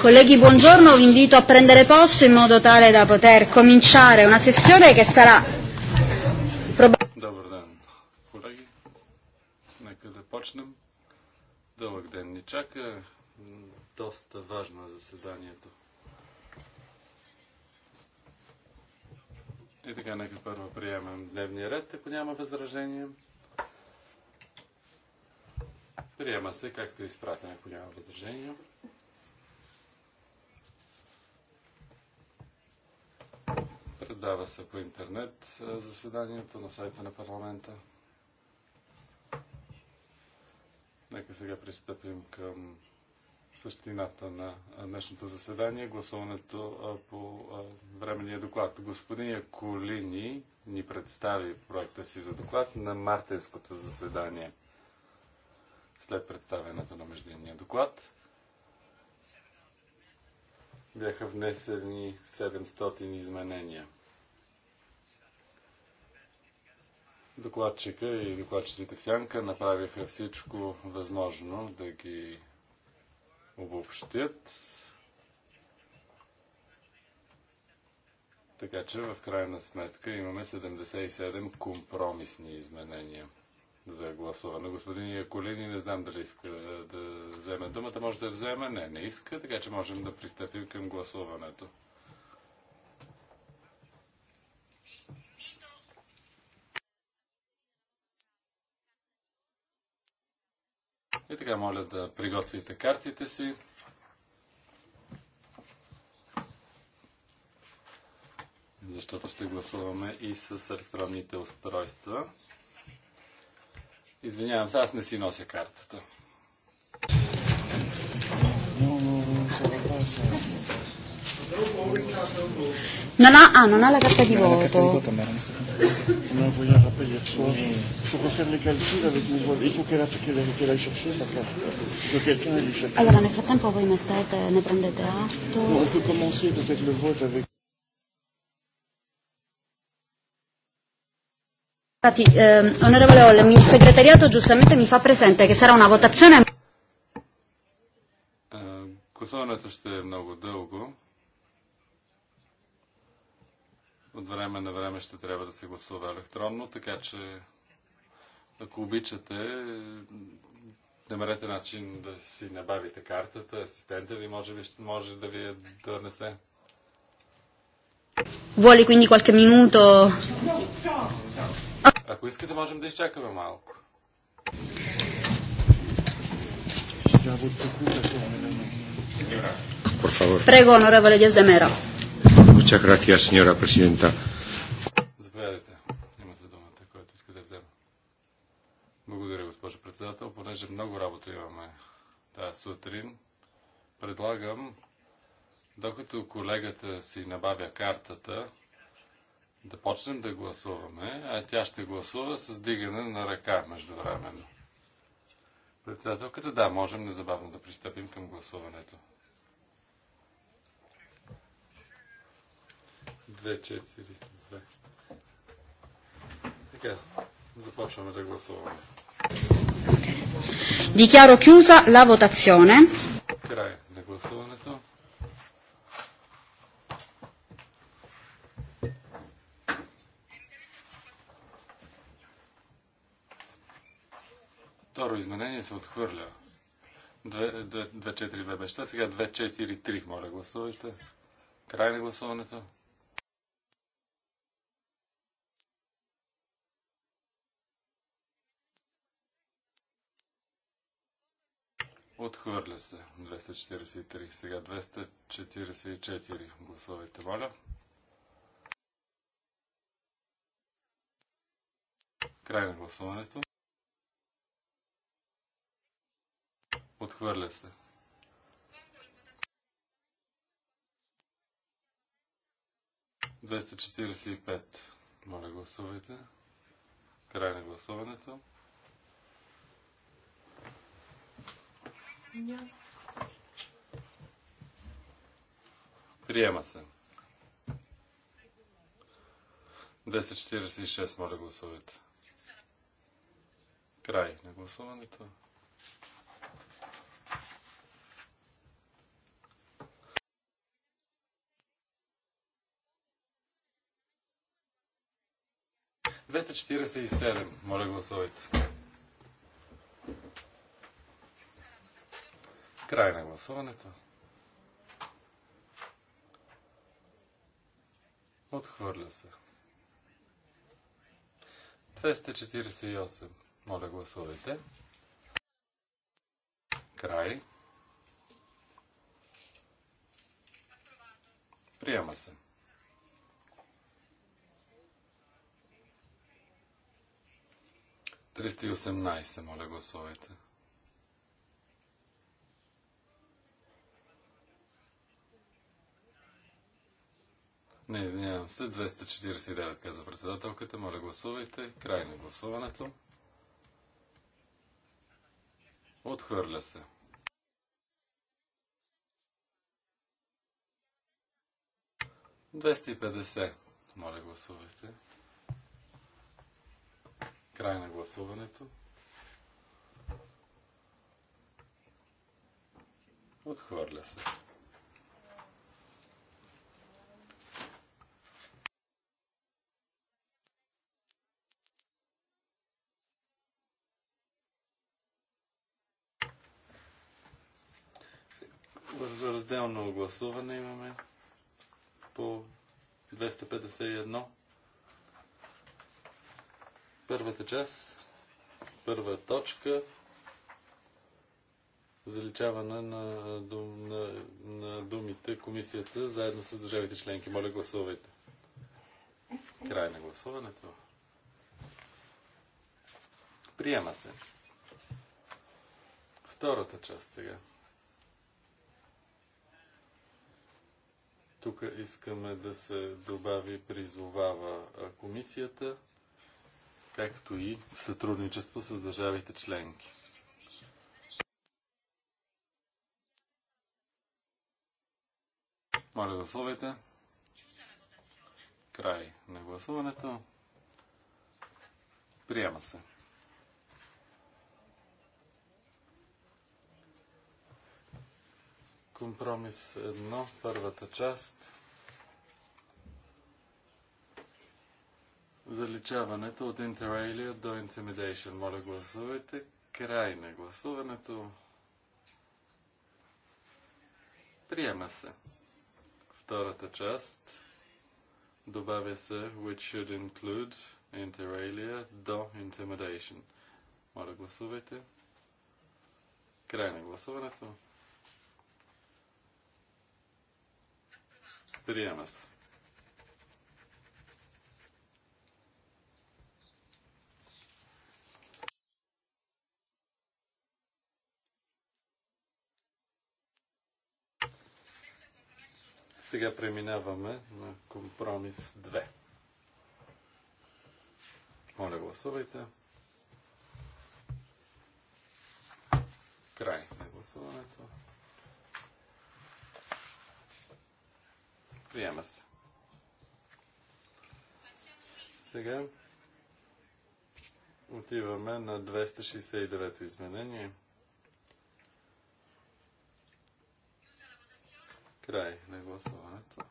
Colleghi, buongiorno, vi invito a prendere posto in modo tale da poter cominciare una sessione che sarà probabilmente... доста важно е заседанието. И така, нека първо приемем дневния ред, ако няма възражение. Приема се, както е изпратен, ако няма възражение. Предава се по интернет заседанието на сайта на парламента. Нека сега пристъпим към същината на днешното заседание, гласуването по временния доклад. Господин Яколини ни представи проекта си за доклад на мартинското заседание след представянето на междинния доклад. Бяха внесени 700 изменения. Докладчика и докладчиците в Сянка направиха всичко възможно да ги обобщят. Така че в крайна сметка имаме 77 компромисни изменения за гласуване. Господин Яколини, не знам дали иска да вземе думата. Може да вземе? Не, не иска, така че можем да пристъпим към гласуването. И така, моля да приготвите картите си. Защото ще гласуваме и с електронните устройства. Извинявам се, аз не си нося картата. Non ha, ah, non ha la carta di voto. La carta di voto avec mes voix. Il faut sa Allora, nel frattempo voi mettete, ne prendete atto. On peut commencer peut-être le vote avec. Infatti, eh, onorevole Olle, il segretariato giustamente mi fa presente che sarà una votazione. Гласуването ще от време на време ще трябва да се гласува електронно, така че ако обичате, намерете начин да си набавите картата, асистента ви може, би, може да ви я е донесе. Воли, quindi qualche minuto? Ако искате, можем да изчакаме малко. Prego, onorevole Diaz de Mera. Muchas gracias, señora presidenta. Заповядайте. Имате думата, който иска да взема. Благодаря, госпожо председател. Понеже много работа имаме тази сутрин, предлагам, докато колегата си набавя картата, да почнем да гласуваме, а тя ще гласува с дигане на ръка междувременно. Председателката, да, можем незабавно да пристъпим към гласуването. Така, започваме да гласуваме. Dichiaro chiusa la votazione. Край на гласуването. Второ изменение се отхвърля. 2-4-2 беща, сега 2-4-3. Моля, гласувайте. Край на гласуването. Отхвърля се 243. Сега 244. Гласувайте, моля. Край на гласуването. Отхвърля се. Двеста четиридесет и пет. Моля, гласувайте. Край на гласуването. Приема се. 246, моля гласувайте. Край на гласуването. Двеста четиридесет и седем. Моля гласувайте. Край на гласуването. Отхвърля се. 248. Моля, гласувайте. Край. Приема се. Триста моля гласувайте. Не, извинявам се. 249 каза председателката. Моля гласувайте. Край на гласуването. Отхвърля се. Двести и петдесет. Моля гласувайте. Край на гласуването. Отхвърля се. разделно гласуване имаме по 251. Първата част, първа точка, заличаване на, дум, на, на думите комисията заедно с държавите членки. Моля, гласувайте. Край на гласуването. Приема се. Втората част сега. Тук искаме да се добави призовава комисията, както и в сътрудничество с държавите членки. Моля гласувайте. Край на гласуването. Приема се. Компромис 1, първата част. Заличаването от Interalia до Intimidation. Моля гласувайте. Край на гласуването. Приема се. Втората част. Добавя се which should include interalia до intimidation. Моля гласувайте. Край на гласуването. Приема се. Сега преминаваме на компромис 2. Моля, гласувайте. Край на гласуването. Приема се. Сега отиваме на 269 изменение. Край на гласуването.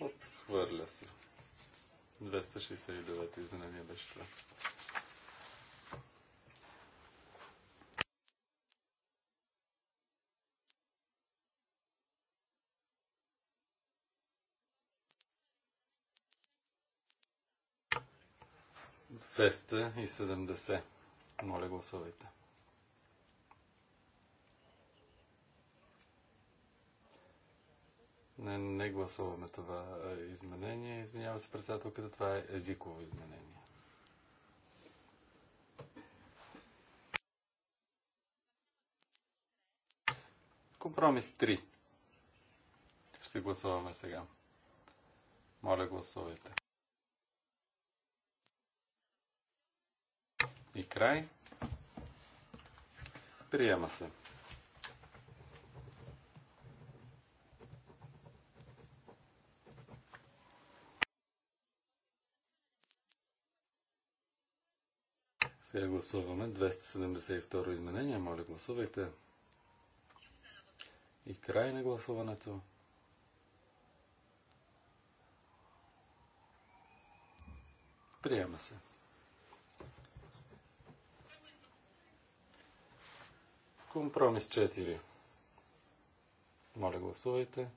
Отхвърля се. 269 изменение беше това. 270. Моля, гласувайте. Не, не гласуваме това изменение. Извинява се председателката, това е езиково изменение. Компромис 3. Ще гласуваме сега. Моля, гласувайте. И край. Приема се. Сега гласуваме 272 изменение. Моля, гласувайте. И край на гласуването. Приема се. Компромис 4. Моля, гласувайте.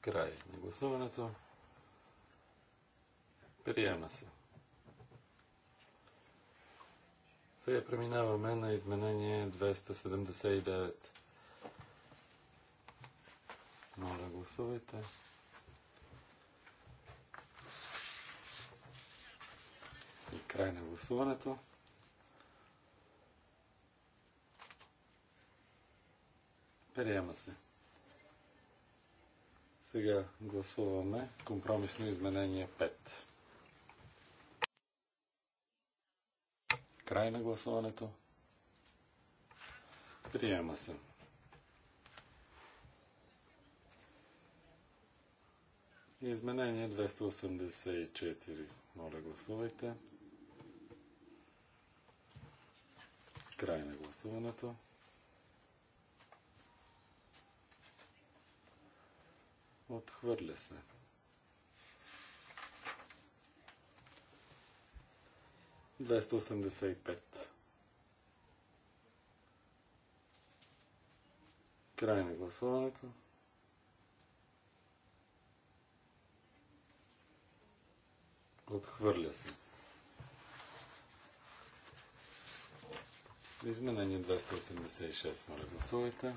Край на гласуването. Приема се. Сега преминаваме на изменение 279. Моля, гласувайте. И край на гласуването. Приема се. Сега гласуваме компромисно изменение 5. Край на гласуването. Приема се. Изменение 284. Моля, гласувайте. Край на гласуването. Отхвърля се. Двеста Край на гласуването. Отхвърля се. Изменение 286, моля гласувайте.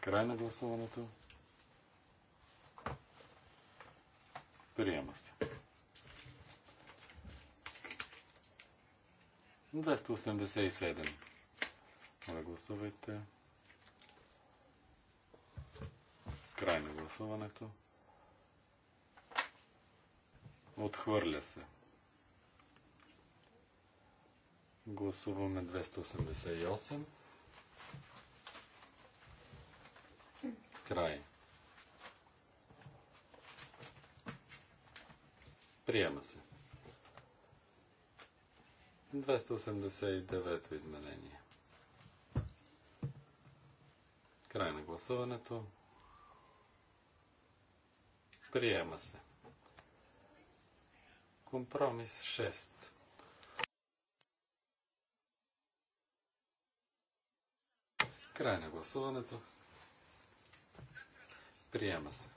Край на гласуването. Приема се. 287. Моля, гласувайте. Край на гласуването. Отхвърля се. Гласуваме 288. Край. Приема се. 289-то изменение. Край на гласуването. Приема се. Компромис 6. Край на гласуването. Приема се.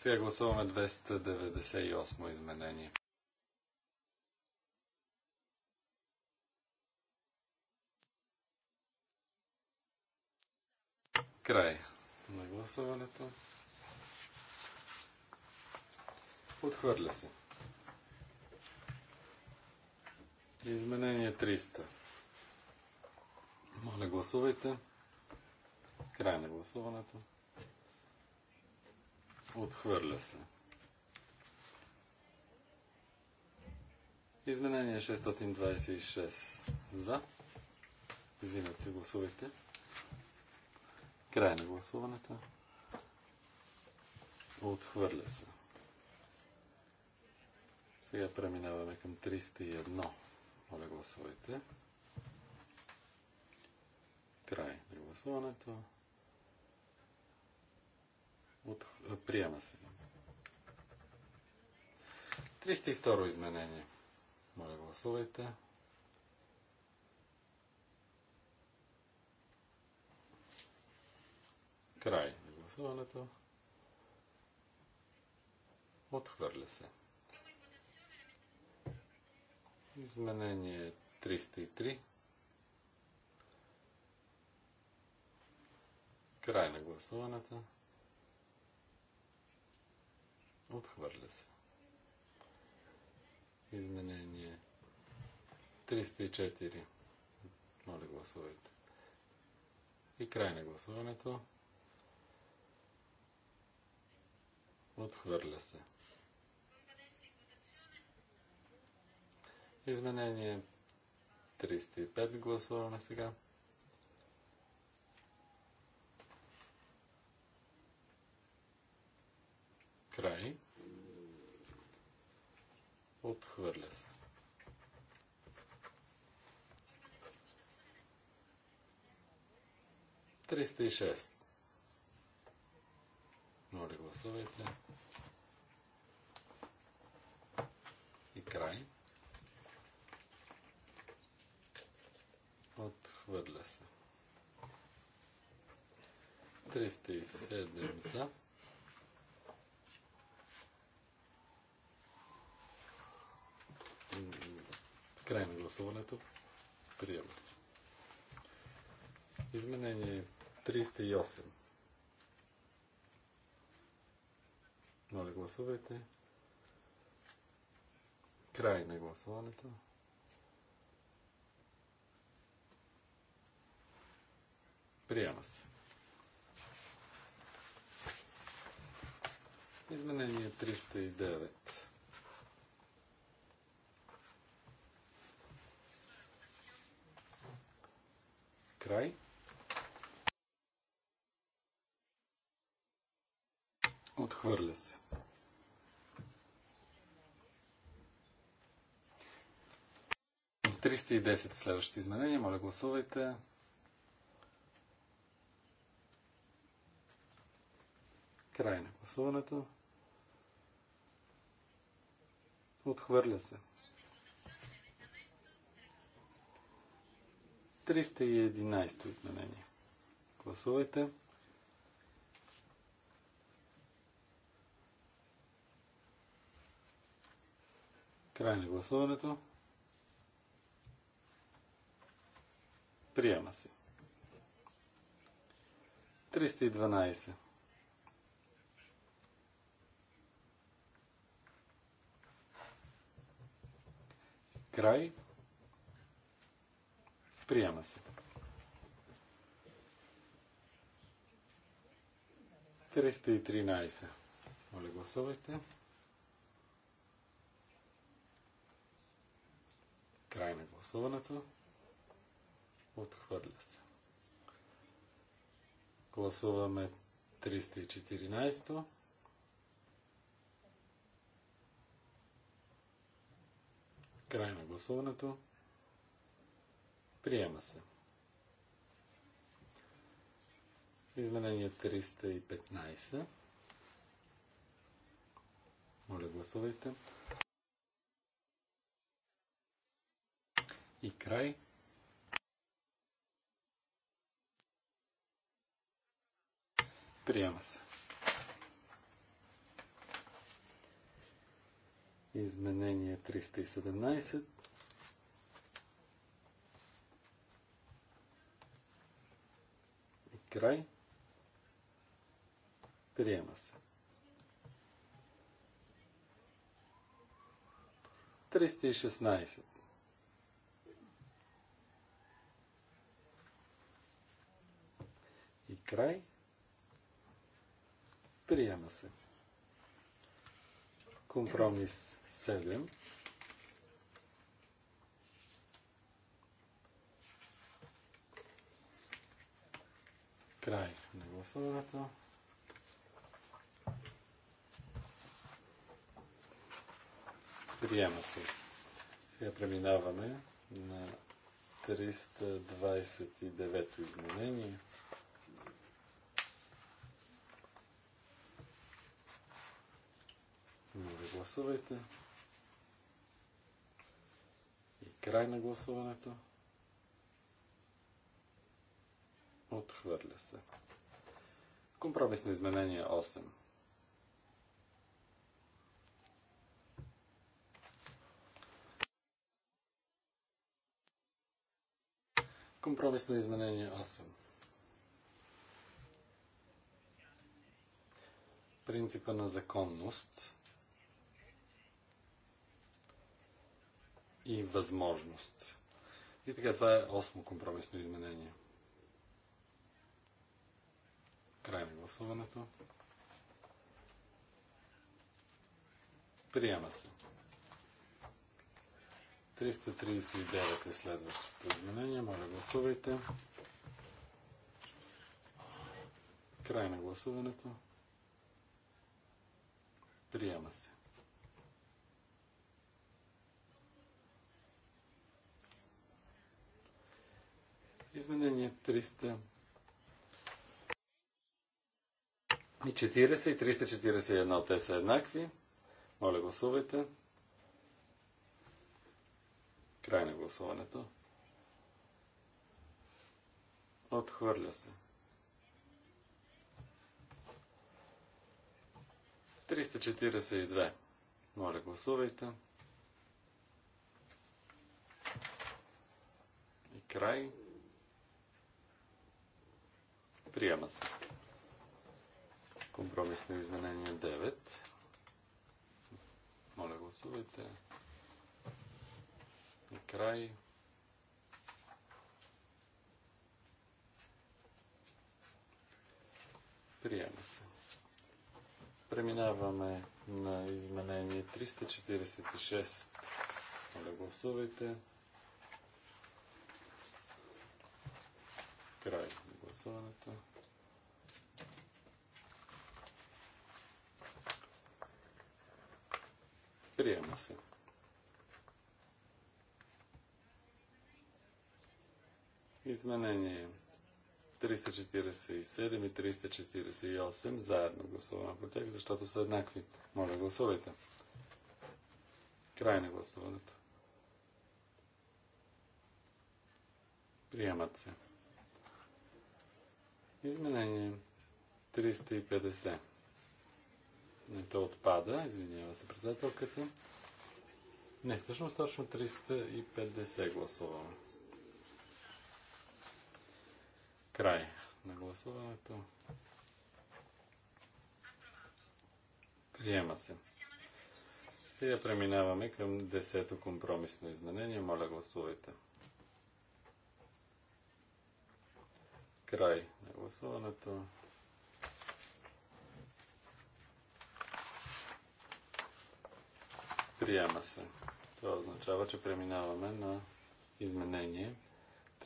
Сега гласуваме 298 изменение. Край на гласуването. Отхвърля се. Изменение 300. Моля, гласувайте. Край на гласуването. Отхвърля се. Изменение 626 за. Извинете, гласувайте. Край на гласуването. Отхвърля се. Сега преминаваме към 301. Моля, гласувайте. Край на гласуването. От... Приема се. 302 изменение. Моля, гласувайте. Край на гласуването. Отхвърля се. Изменение 303. Край на гласуването. Отхвърля се. Изменение 304. Моля, гласувайте. И край на гласуването. Отхвърля се. Изменение 305 гласуваме сега. Край. Отхвърля се. Триста и шест. Моля, гласувайте. И край. Отхвърля се. Триста и седем за. Край на гласуването. Приема се. Изменение 308. Моля, гласувайте. Край на гласуването. Приема се. Изменение 309. край. Отхвърля се. В 310 следващите изменение. Моля, гласувайте. Край на гласуването. Отхвърля се. 311 то изменение. Гласувайте. Край на гласуването. Приема се. 312. Край. Приема се. 313. Моля, гласувайте. Край на гласуването. Отхвърля се. Гласуваме 314. Край на гласуването. Приема се. Изменение 315. Моля, гласувайте. И край. Приема се. Изменение 317. Край. Приема се. 316. И край. Приема се. Компромис 7. Край на гласуването. Приема се. Сега преминаваме на 329 то изменение. Моля, гласувайте. И край на гласуването. Отхвърля се. Компромисно изменение 8. Компромисно изменение 8. Принципа на законност и възможност. И така, това е 8 компромисно изменение. Край на гласуването. Приема се. 339 е следващото изменение. Моля, гласувайте. Край на гласуването. Приема се. Изменение 300. И 40 и 341 те са еднакви. Моля гласувайте. Край на гласуването. Отхвърля се. 342. Моля, гласувайте. И край. Приема се. Компромисно изменение 9. Моля, гласувайте. И край. Приема се. Преминаваме на изменение 346. Моля, гласувайте. Край на гласуването. Приема се. Изменение 347 и 348 заедно гласуваме по тях, защото са еднакви. Моля, гласувайте. Край на гласуването. Приемат се. Изменение 350. Не, то отпада, извинява се председателката. Не, всъщност точно 350 гласуваме. Край на гласуването. Приема се. Сега преминаваме към 10-то компромисно изменение. Моля, гласувайте. Край на гласуването. Приема се. Това означава, че преминаваме на изменение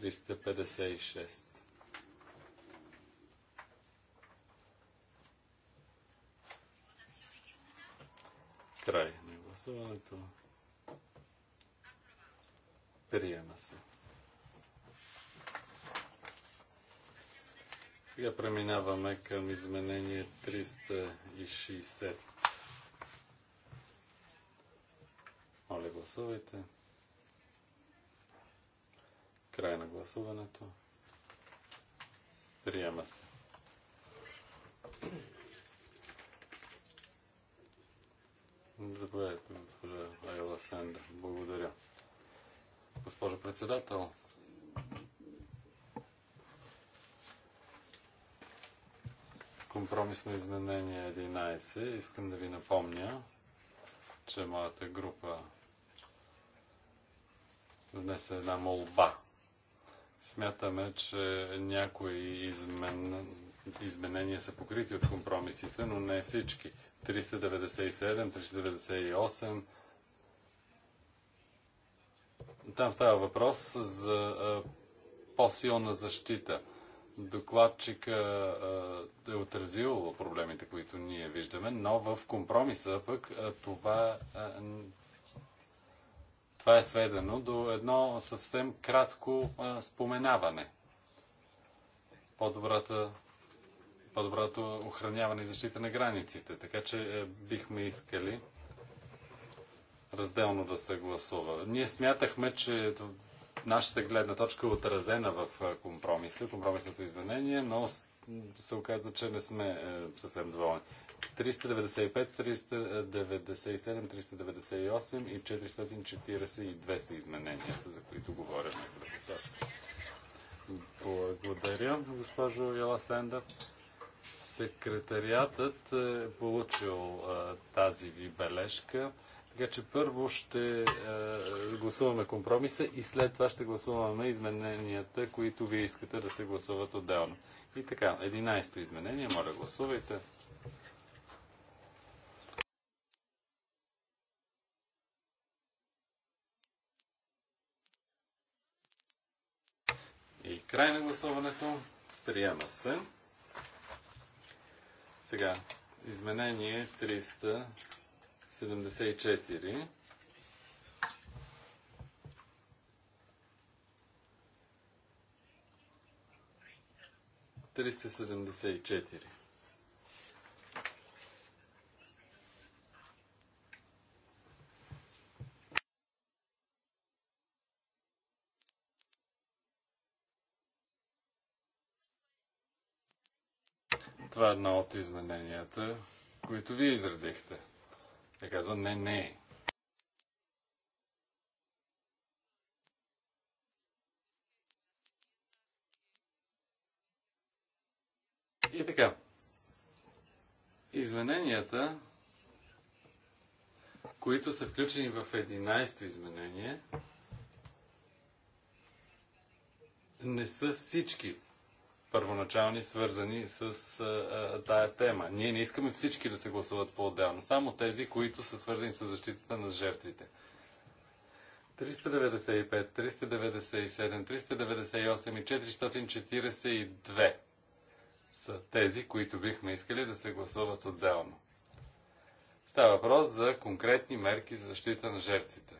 356. Край на гласуването. Приема се. Сега преминаваме към изменение 360. Моля, гласувайте. Край на гласуването. Приема се. Заповядайте, госпожа Айла Сенда. Благодаря. Госпожо председател, компромисно изменение 11, искам да ви напомня, че моята група внесе една молба. Смятаме, че някои измен... изменения са покрити от компромисите, но не всички. 397, 398. Там става въпрос за по-силна защита. Докладчик е отразил проблемите, които ние виждаме, но в компромиса пък това това е сведено до едно съвсем кратко а, споменаване. По-добрата по-доброто охраняване и защита на границите. Така че е, бихме искали разделно да се гласува. Ние смятахме, че нашата гледна точка е отразена в компромиса, компромисното изменение, но се оказа, че не сме е, съвсем доволни. 395, 397, 398 и 442 са измененията, за които говорим. Благодаря, госпожо Яласенда. Секретариатът е получил а, тази ви бележка. Така че първо ще е, гласуваме компромиса и след това ще гласуваме измененията, които вие искате да се гласуват отделно. И така, 11-то изменение, моля гласувайте. Край на гласуването. Приема се. Сега, изменение 374. 374. Това е едно от измененията, които вие изредихте. Тя казва не, не. И така. Измененията, които са включени в 11-то изменение, не са всички първоначални, свързани с а, тая тема. Ние не искаме всички да се гласуват по-отделно, само тези, които са свързани с защитата на жертвите. 395, 397, 398 и 442 са тези, които бихме искали да се гласуват отделно. Става въпрос за конкретни мерки за защита на жертвите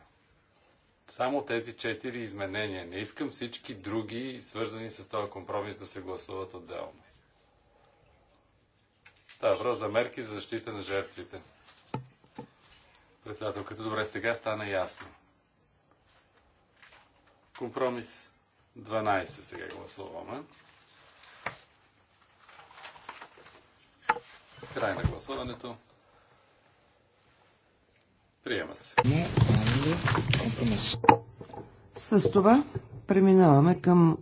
само тези четири изменения. Не искам всички други, свързани с този компромис, да се гласуват отделно. Става въпрос за мерки за защита на жертвите. Председателката, добре, сега стана ясно. Компромис 12 сега гласуваме. Край на гласуването. Приема се. С това преминаваме към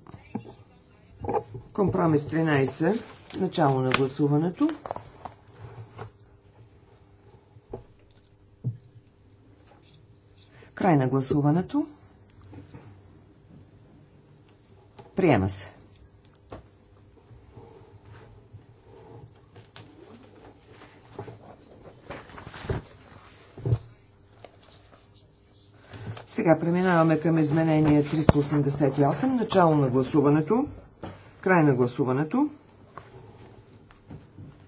компромис 13, начало на гласуването. Край на гласуването. Приема се. Сега преминаваме към изменение 388, начало на гласуването, край на гласуването.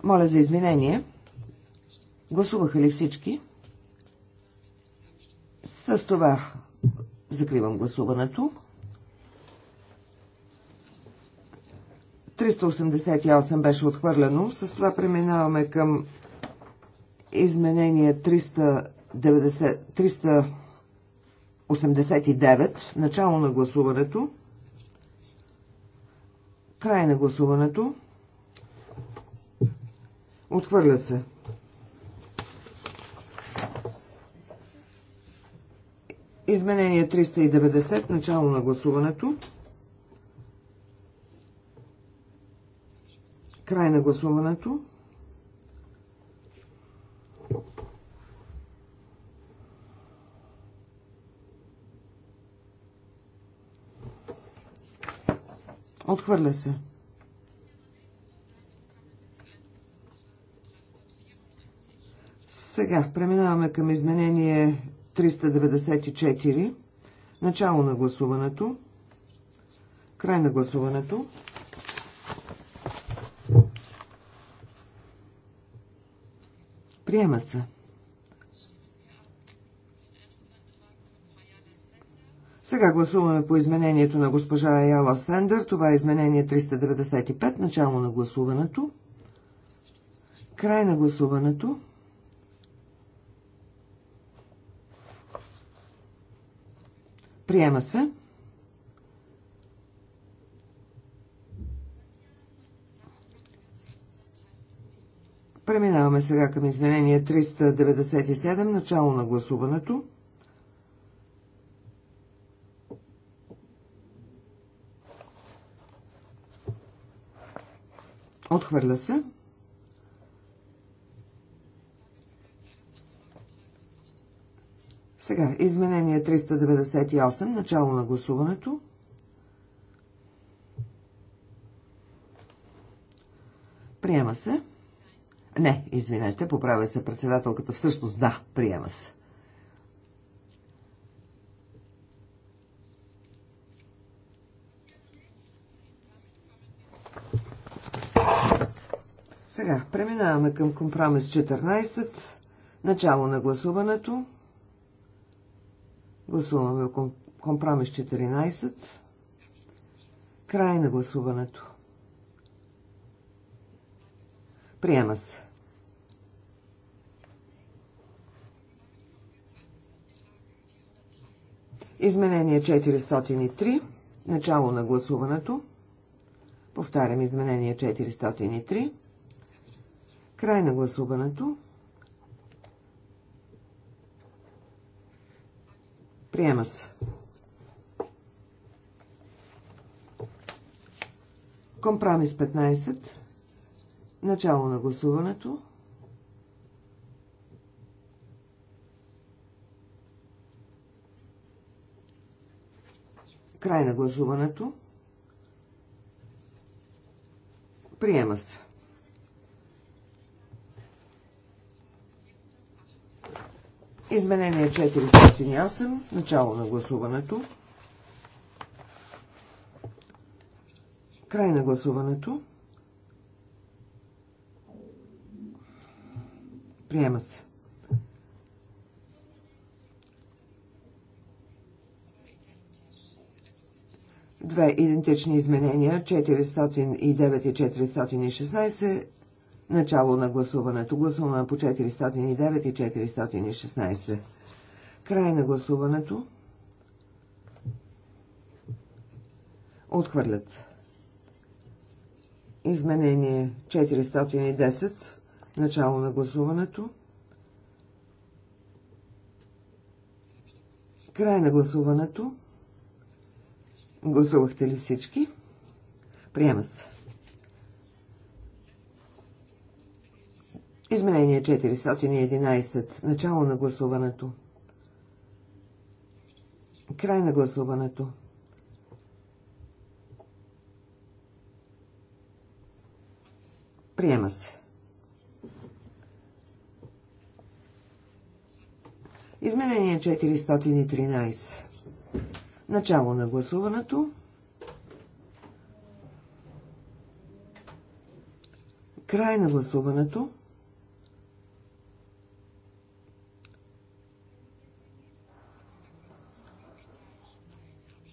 Моля за изменение. Гласуваха ли всички? С това закривам гласуването. 388 беше отхвърлено. С това преминаваме към изменение 390, 300 89. Начало на гласуването. Край на гласуването. Отхвърля се. Изменение 390. Начало на гласуването. Край на гласуването. Отхвърля се. Сега преминаваме към изменение 394. Начало на гласуването. Край на гласуването. Приема се. Сега гласуваме по изменението на госпожа Аяла Сендър. Това е изменение 395, начало на гласуването. Край на гласуването. Приема се. Преминаваме сега към изменение 397, начало на гласуването. Отхвърля се. Сега, изменение 398, начало на гласуването. Приема се. Не, извинете, поправя се председателката. Всъщност да, приема се. Сега преминаваме към компромис 14. Начало на гласуването. Гласуваме компромис 14. Край на гласуването. Приема се. Изменение 403. Начало на гласуването. Повтарям изменение 403. Край на гласуването. Приема се. Компромис 15. Начало на гласуването. Край на гласуването. Приема се. Изменение 408, начало на гласуването. Край на гласуването. Приема се. Две идентични изменения 409 и 416 Начало на гласуването. Гласуваме по 409 и 416. Край на гласуването. Отхвърлят Изменение 410. Начало на гласуването. Край на гласуването. Гласувахте ли всички? Приема се. Изменение 411. Начало на гласуването. Край на гласуването. Приема се. Изменение 413. Начало на гласуването. Край на гласуването.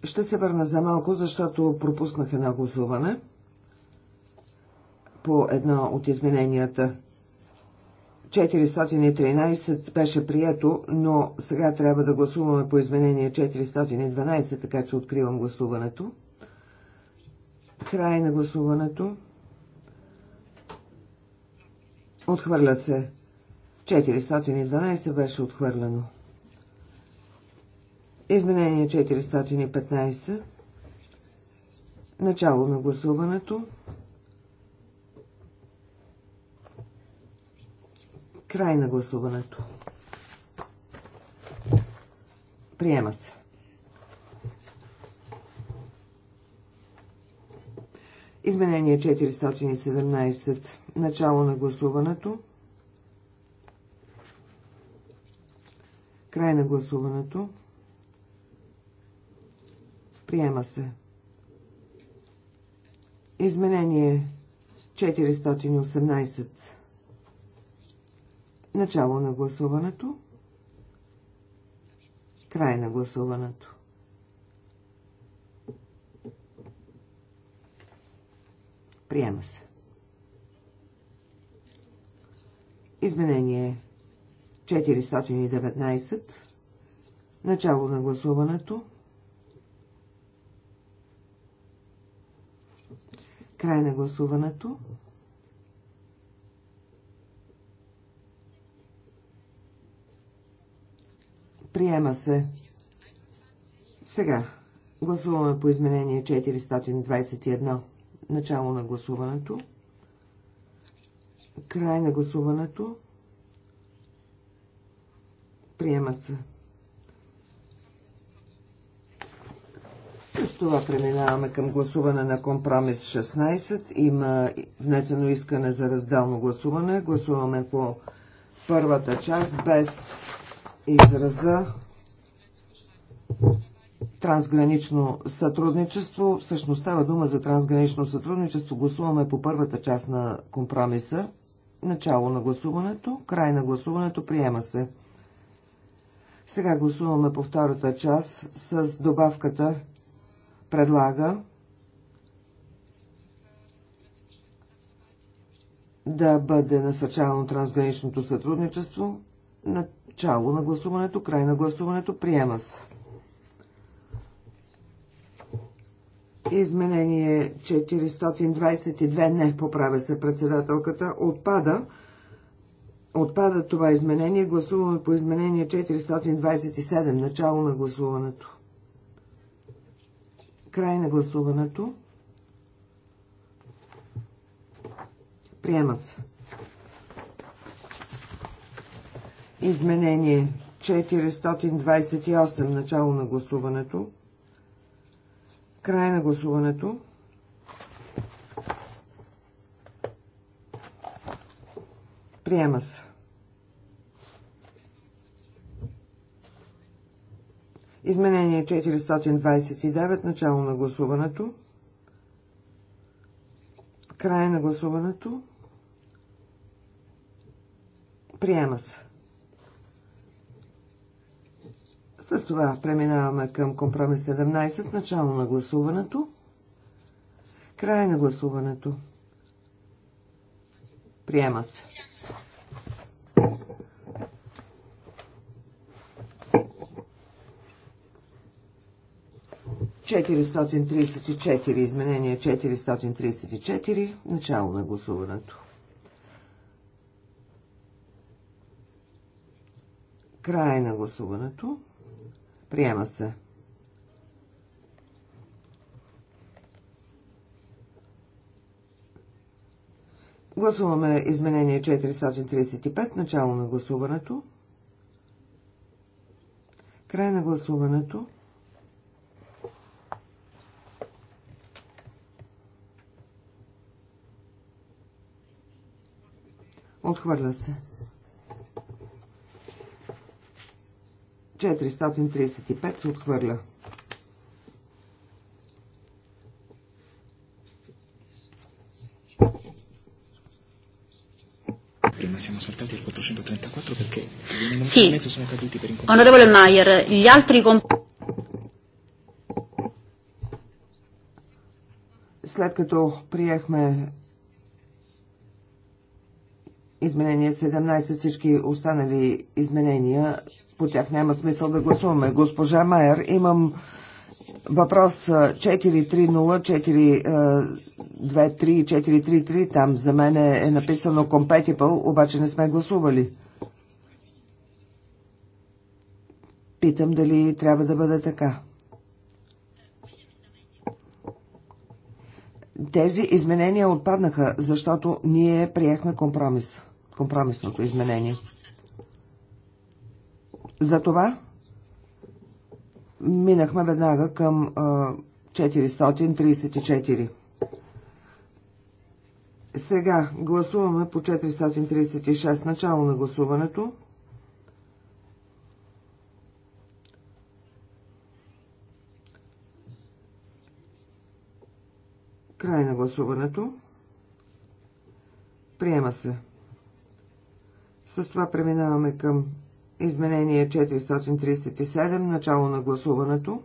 Ще се върна за малко, защото пропуснах едно гласуване по едно от измененията. 413 беше прието, но сега трябва да гласуваме по изменение 412, така че откривам гласуването. Край на гласуването. Отхвърлят се. 412 беше отхвърлено. Изменение 415. Начало на гласуването. Край на гласуването. Приема се. Изменение 417. Начало на гласуването. Край на гласуването. Приема се. Изменение 418. Начало на гласуването. Край на гласуването. Приема се. Изменение 419. Начало на гласуването. Край на гласуването. Приема се. Сега гласуваме по изменение 421. Начало на гласуването. Край на гласуването. Приема се. С това преминаваме към гласуване на компромис 16. Има внесено искане за разделно гласуване. Гласуваме по първата част без израза трансгранично сътрудничество. Всъщност става дума за трансгранично сътрудничество. Гласуваме по първата част на компромиса. Начало на гласуването, край на гласуването, приема се. Сега гласуваме по втората част с добавката предлага да бъде насърчавано трансграничното сътрудничество. Начало на гласуването, край на гласуването, приема се. Изменение 422 не поправя се председателката. Отпада. Отпада това изменение. Гласуваме по изменение 427. Начало на гласуването. Край на гласуването. Приема се. Изменение 428. Начало на гласуването. Край на гласуването. Приема се. Изменение 429, начало на гласуването. Край на гласуването. Приема се. С това преминаваме към компромис 17, начало на гласуването. Край на гласуването. Приема се. 434, изменение 434, начало на гласуването. Край на гласуването. Приема се. Гласуваме изменение 435, начало на гласуването. Край на гласуването. Отхвърля се. 435 се отхвърля. Prima siamo 434 perché sì. sono caduti per Onorevole Maier, gli altri След като приехме Изменение 17, всички останали изменения, по тях няма смисъл да гласуваме. Госпожа Майер, имам въпрос 430, 423 и 433, там за мен е, е написано compatible, обаче не сме гласували. Питам дали трябва да бъде така. Тези изменения отпаднаха, защото ние приехме компромис компромисното е изменение. Затова минахме веднага към 434. Сега гласуваме по 436 начало на гласуването. Край на гласуването. Приема се. С това преминаваме към изменение 437, начало на гласуването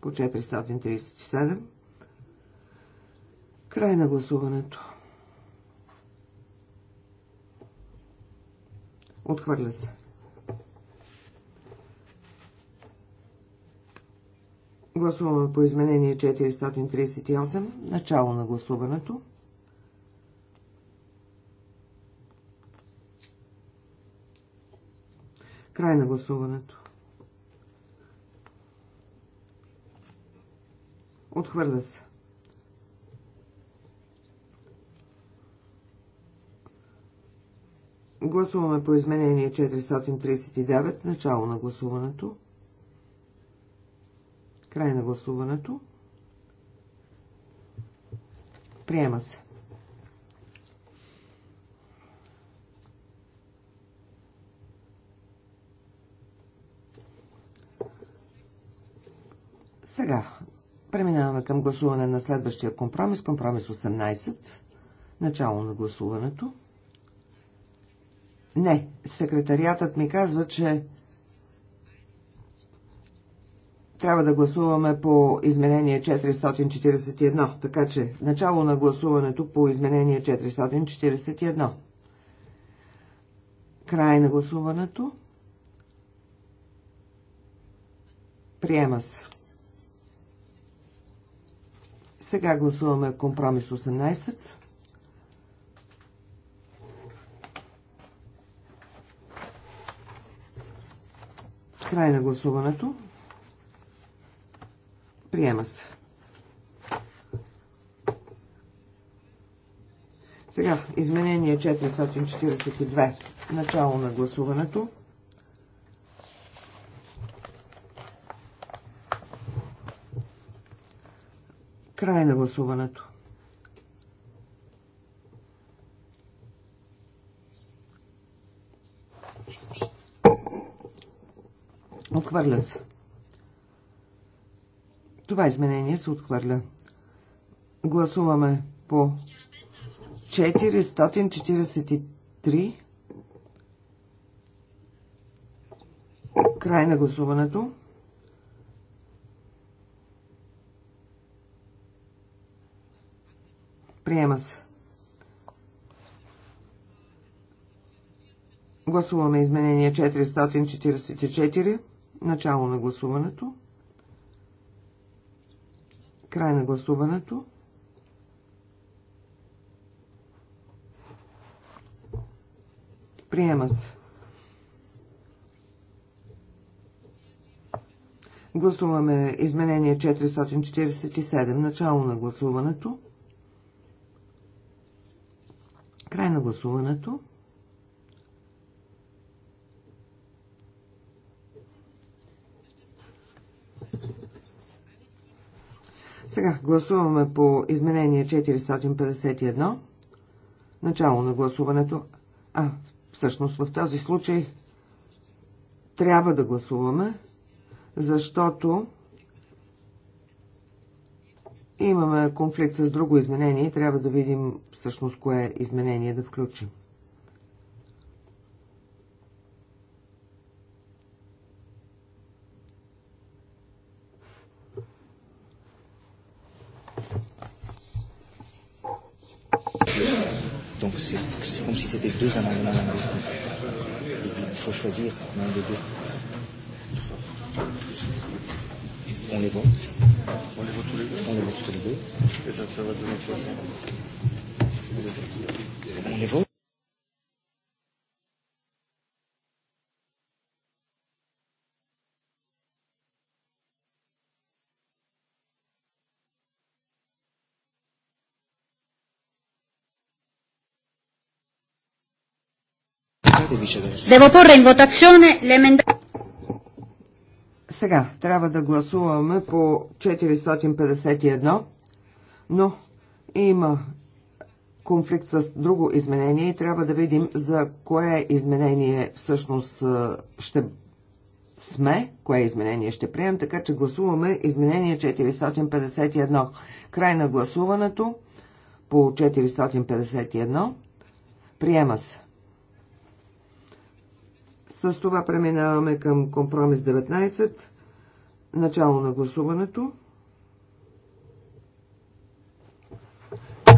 по 437, край на гласуването. Отхвърля се. Гласуваме по изменение 438, начало на гласуването. Край на гласуването. Отхвърля се. Гласуваме по изменение 439, начало на гласуването, край на гласуването, приема се. Сега преминаваме към гласуване на следващия компромис, компромис 18, начало на гласуването. Не, секретариатът ми казва, че трябва да гласуваме по изменение 441, така че начало на гласуването по изменение 441. Край на гласуването. Приема се. Сега гласуваме компромис 18. Край на гласуването. Приема се. Сега, изменение 442. Начало на гласуването. Край на гласуването. Отхвърля се. Това изменение се отхвърля. Гласуваме по 443. Край на гласуването. Приема се. Гласуваме изменение 444. Начало на гласуването. Край на гласуването. Приема се. Гласуваме изменение 447. Начало на гласуването. Край на гласуването. Сега гласуваме по изменение 451. Начало на гласуването. А, всъщност в този случай трябва да гласуваме, защото Имаме конфликт с друго изменение и трябва да видим всъщност кое изменение да включим. Donc c'est comme si c'était deux amendements à distincts. Il faut choisir l'un des deux. On les vote On les vote tous les deux On les vote tous les deux. Et ça, ça va donner quoi ça On les vote Devo porre in votazione l'emendamento. Сега трябва да гласуваме по 451, но има конфликт с друго изменение и трябва да видим за кое изменение всъщност ще сме, кое изменение ще приемем, така че гласуваме изменение 451. Край на гласуването по 451. Приема се. С това преминаваме към компромис 19. Начало на гласуването.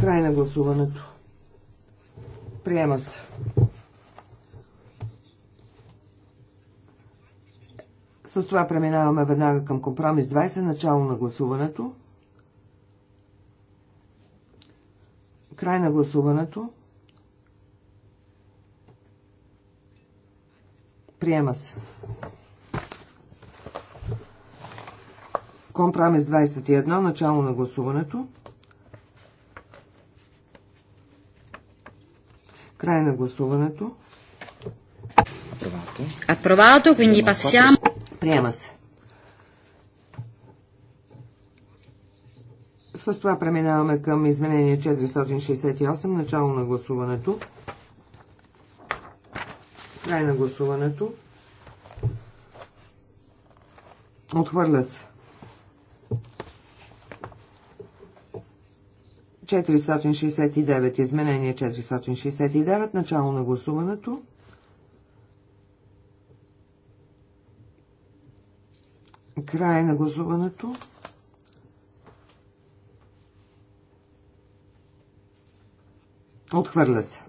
Край на гласуването. Приема се. С това преминаваме веднага към компромис 20, начало на гласуването. Край на гласуването. Приема се. Компромис 21. Начало на гласуването. Край на гласуването. Апровато. quindi passiamo. Приема се. С това преминаваме към изменение 468, начало на гласуването. Край на гласуването. Отхвърля се. 469. Изменение 469. Начало на гласуването. Край на гласуването. Отхвърля се.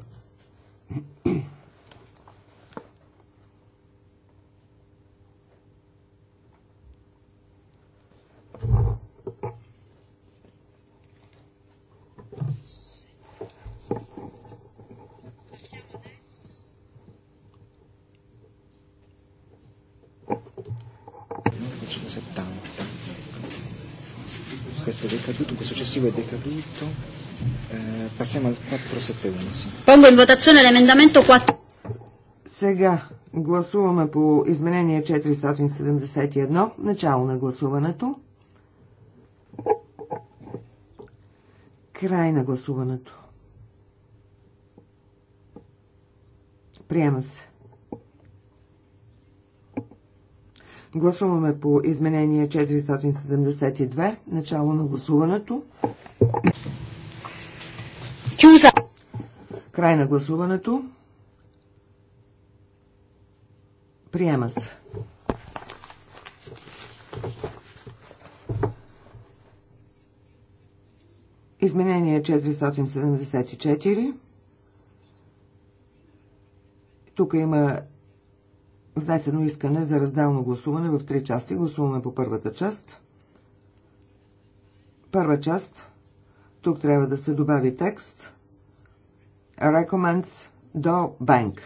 decaduto, questo successivo è decaduto. Eh, passiamo al 471. Sì. Pongo in votazione l'emendamento 4. Сега гласуваме по изменение 471, начало на гласуването. Край на гласуването. Приема се. Гласуваме по изменение 472. Начало на гласуването. Чуза. Край на гласуването. Приема се. Изменение 474. Тук има внесено искане за разделно гласуване в три части. Гласуваме по първата част. Първа част. Тук трябва да се добави текст. Recommends до Bank.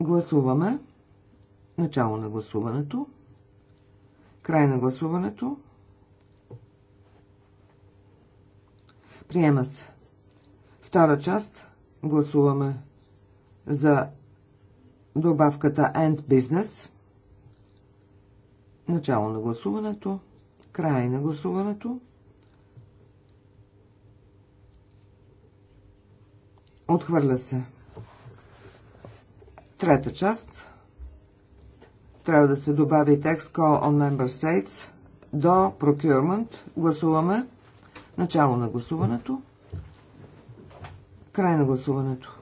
Гласуваме. Начало на гласуването. Край на гласуването. Приема се. Втора част. Гласуваме за добавката End Business. Начало на гласуването. Край на гласуването. Отхвърля се. Трета част. Трябва да се добави текст Call on Member States до Procurement. Гласуваме. Начало на гласуването. Край на гласуването.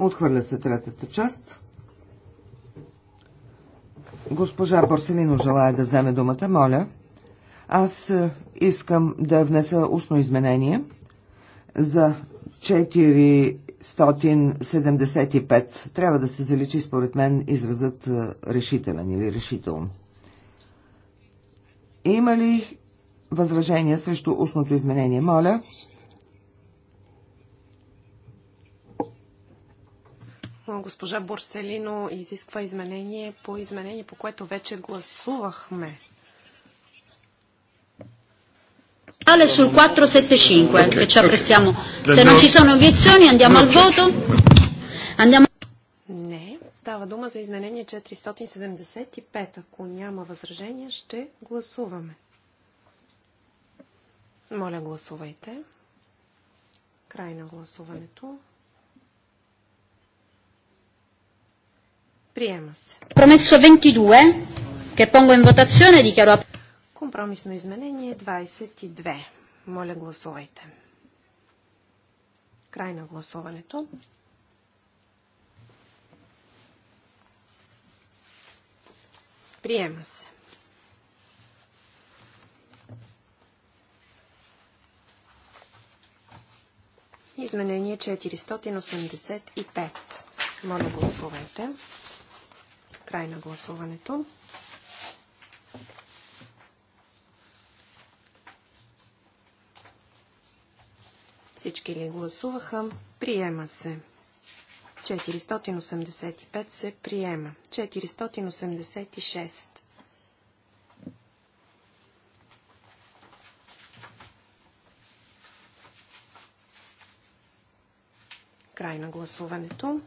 Отхвърля се третата част. Госпожа Борселино желая да вземе думата, моля. Аз е, искам да внеса устно изменение за 475. Трябва да се заличи според мен изразът е, решителен или решително. Има ли възражения срещу устното изменение? Моля. госпожа Борселино изисква изменение по изменение, по което вече гласувахме. Sul 475 che ci apprestiamo. Se non ci sono obiezioni andiamo al voto. Andiamo... Не, става дума за изменение 475. Ако няма възражения, ще гласуваме. Моля, гласувайте. Край на гласуването. Приема се. Промесо 22, che pongo in votazione, dichiaro... Компромисно изменение 22. Моля гласувайте. Край на гласуването. Приема се. Изменение 485. Моля гласувайте. Край на гласуването. Всички ли гласуваха? Приема се. 485 се приема. 486. Край на гласуването.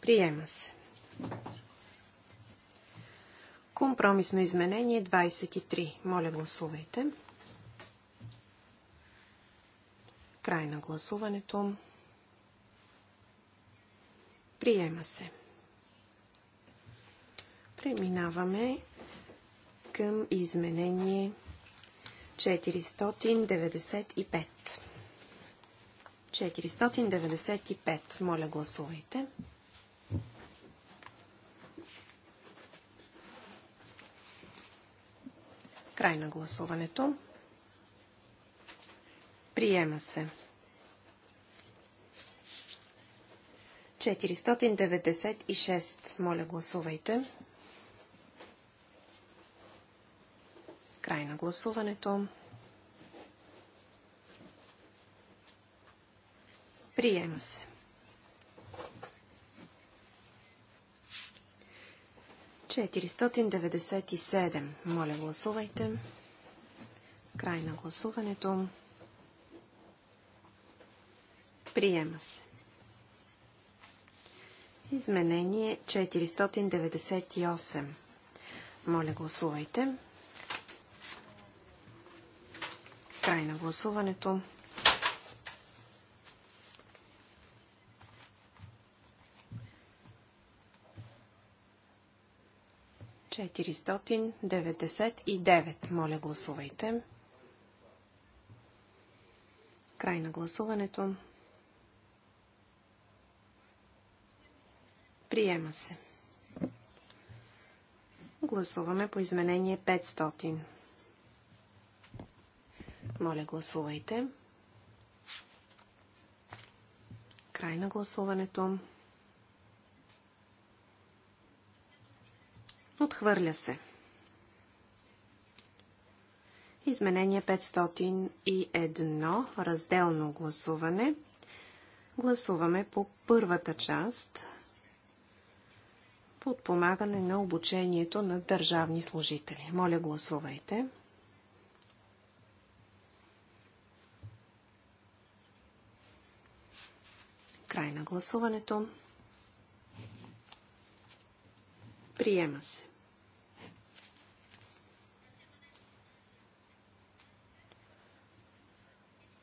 Приема се. Компромисно изменение 23. Моля, гласувайте. Край на гласуването. Приема се. Преминаваме към изменение 495. 495. Моля, гласувайте. Гласувайте. Край на гласуването. Приема се. 496. Моля, гласувайте. Край на гласуването. Приема се. 497. Моля, гласувайте. Край на гласуването. Приема се. Изменение 498. Моля, гласувайте. Край на гласуването. 499. Моля, гласувайте. Край на гласуването. Приема се. Гласуваме по изменение 500. Моля, гласувайте. Край на гласуването. Отхвърля се. Изменение 501. Разделно гласуване. Гласуваме по първата част. Подпомагане на обучението на държавни служители. Моля, гласувайте. Край на гласуването. Приема се.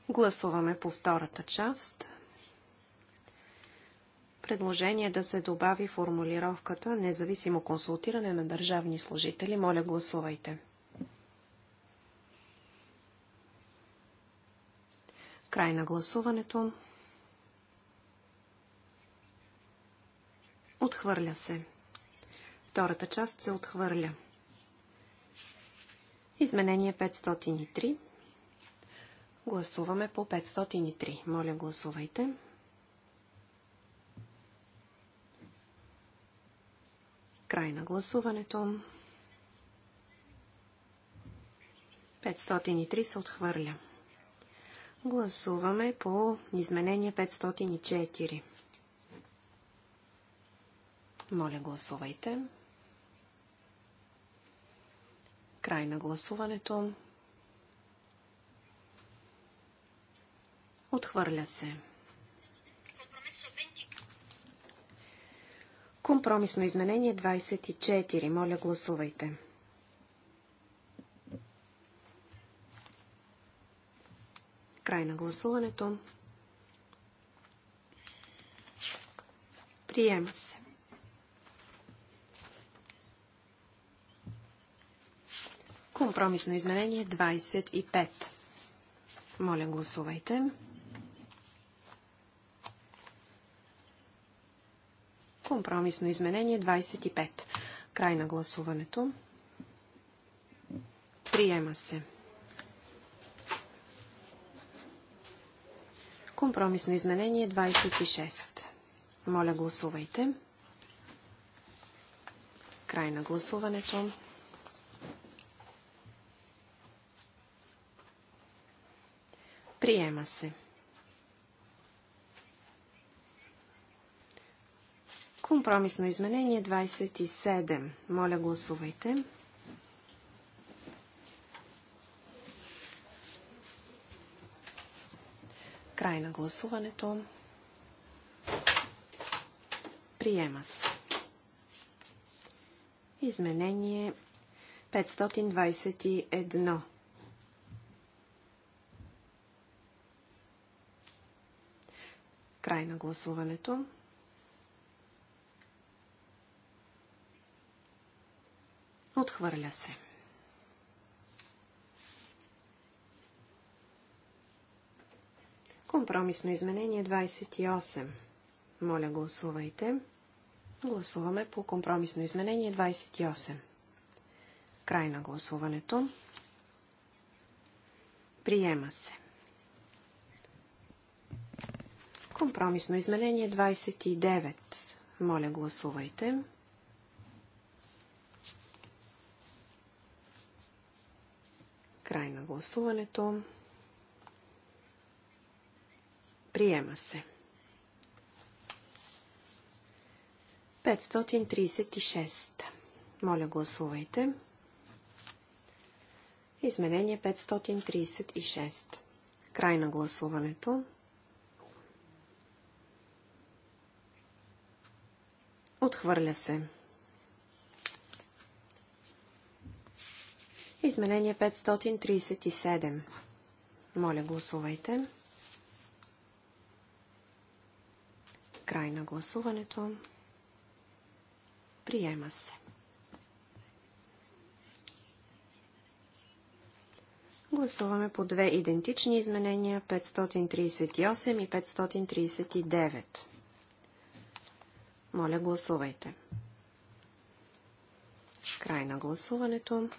Гласуваме по втората част. Предложение да се добави формулировката независимо консултиране на държавни служители. Моля, гласувайте. Край на гласуването. Отхвърля се. Втората част се отхвърля. Изменение 503. Гласуваме по 503. Моля, гласувайте. Край на гласуването. 503 се отхвърля. Гласуваме по изменение 504. Моля, гласувайте. Край на гласуването. Отхвърля се. Компромисно изменение 24. Моля, гласувайте. Край на гласуването. Приема се. Компромисно изменение 25. Моля, гласувайте. Компромисно изменение 25. Край на гласуването. Приема се. Компромисно изменение 26. Моля, гласувайте. Край на гласуването. Приема се. Компромисно изменение 27. Моля, гласувайте. Край на гласуването. Приема се. Изменение 521. Край на гласуването. Отхвърля се. Компромисно изменение 28. Моля, гласувайте. Гласуваме по компромисно изменение 28. Край на гласуването. Приема се. Компромисно изменение 29. Моля, гласувайте. Гласувайте. Край на гласуването. Приема се. 536. Моля, гласувайте. Изменение 536. Край на гласуването. Отхвърля се. Изменение 537. Моля, гласувайте. Край на гласуването. Приема се. Гласуваме по две идентични изменения 538 и 539. Моля, гласувайте. Край на гласуването.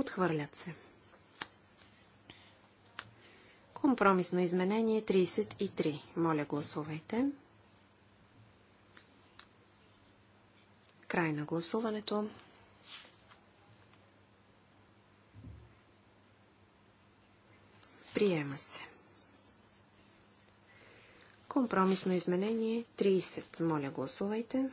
Отхвърлят се. Компромисно изменение 33. Моля, гласувайте. Край на гласуването. Приема се. Компромисно изменение 30. Моля, гласувайте.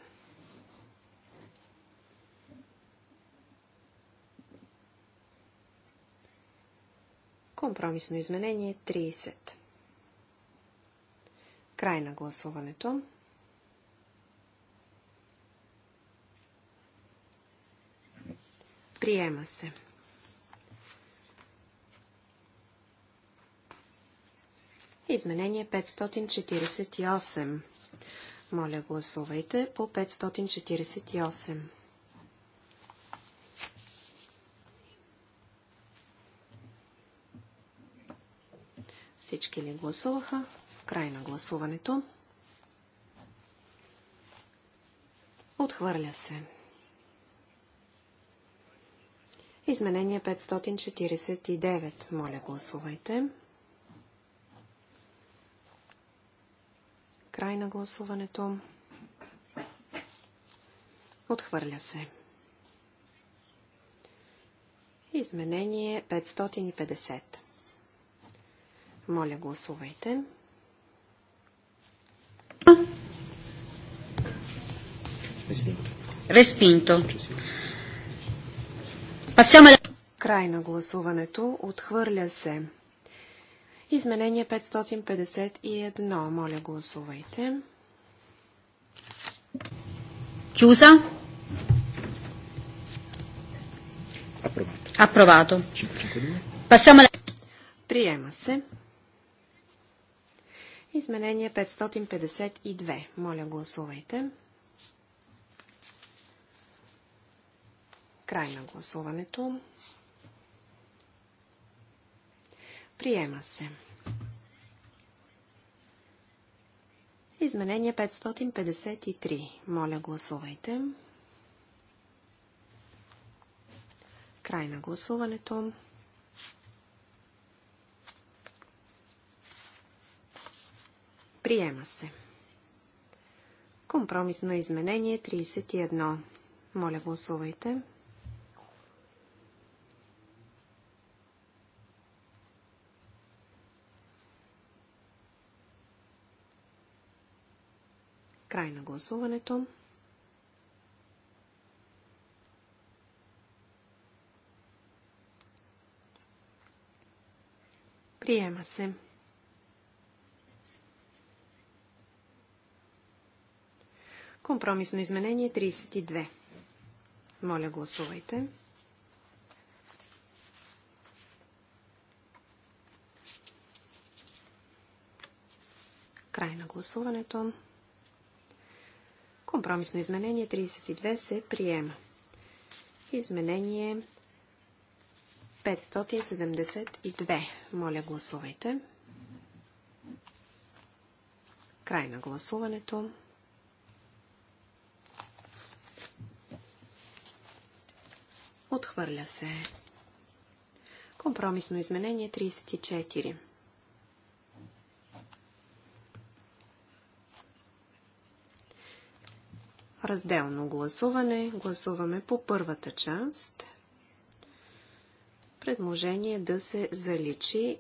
Компромисно изменение 30. Край на гласуването. Приема се. Изменение 548. Моля, гласувайте по 548. Всички ли гласуваха? Край на гласуването. Отхвърля се. Изменение 549. Моля, гласувайте. Край на гласуването. Отхвърля се. Изменение 550. Моля, гласувайте. Респинто. Край на гласуването. Отхвърля се. Изменение 551. Моля, гласувайте. Кюза. Апровато. Approvato. Приема се. Изменение 552. Моля, гласувайте. Край на гласуването. Приема се. Изменение 553. Моля, гласувайте. Край на гласуването. Приема се. Компромисно изменение 31. Моля, гласувайте. Край на гласуването. Приема се. Компромисно изменение 32. Моля, гласувайте. Край на гласуването. Компромисно изменение 32 се приема. Изменение 572. Моля, гласувайте. Край на гласуването. Отхвърля се. Компромисно изменение 34. Разделно гласуване. Гласуваме по първата част. Предложение да се заличи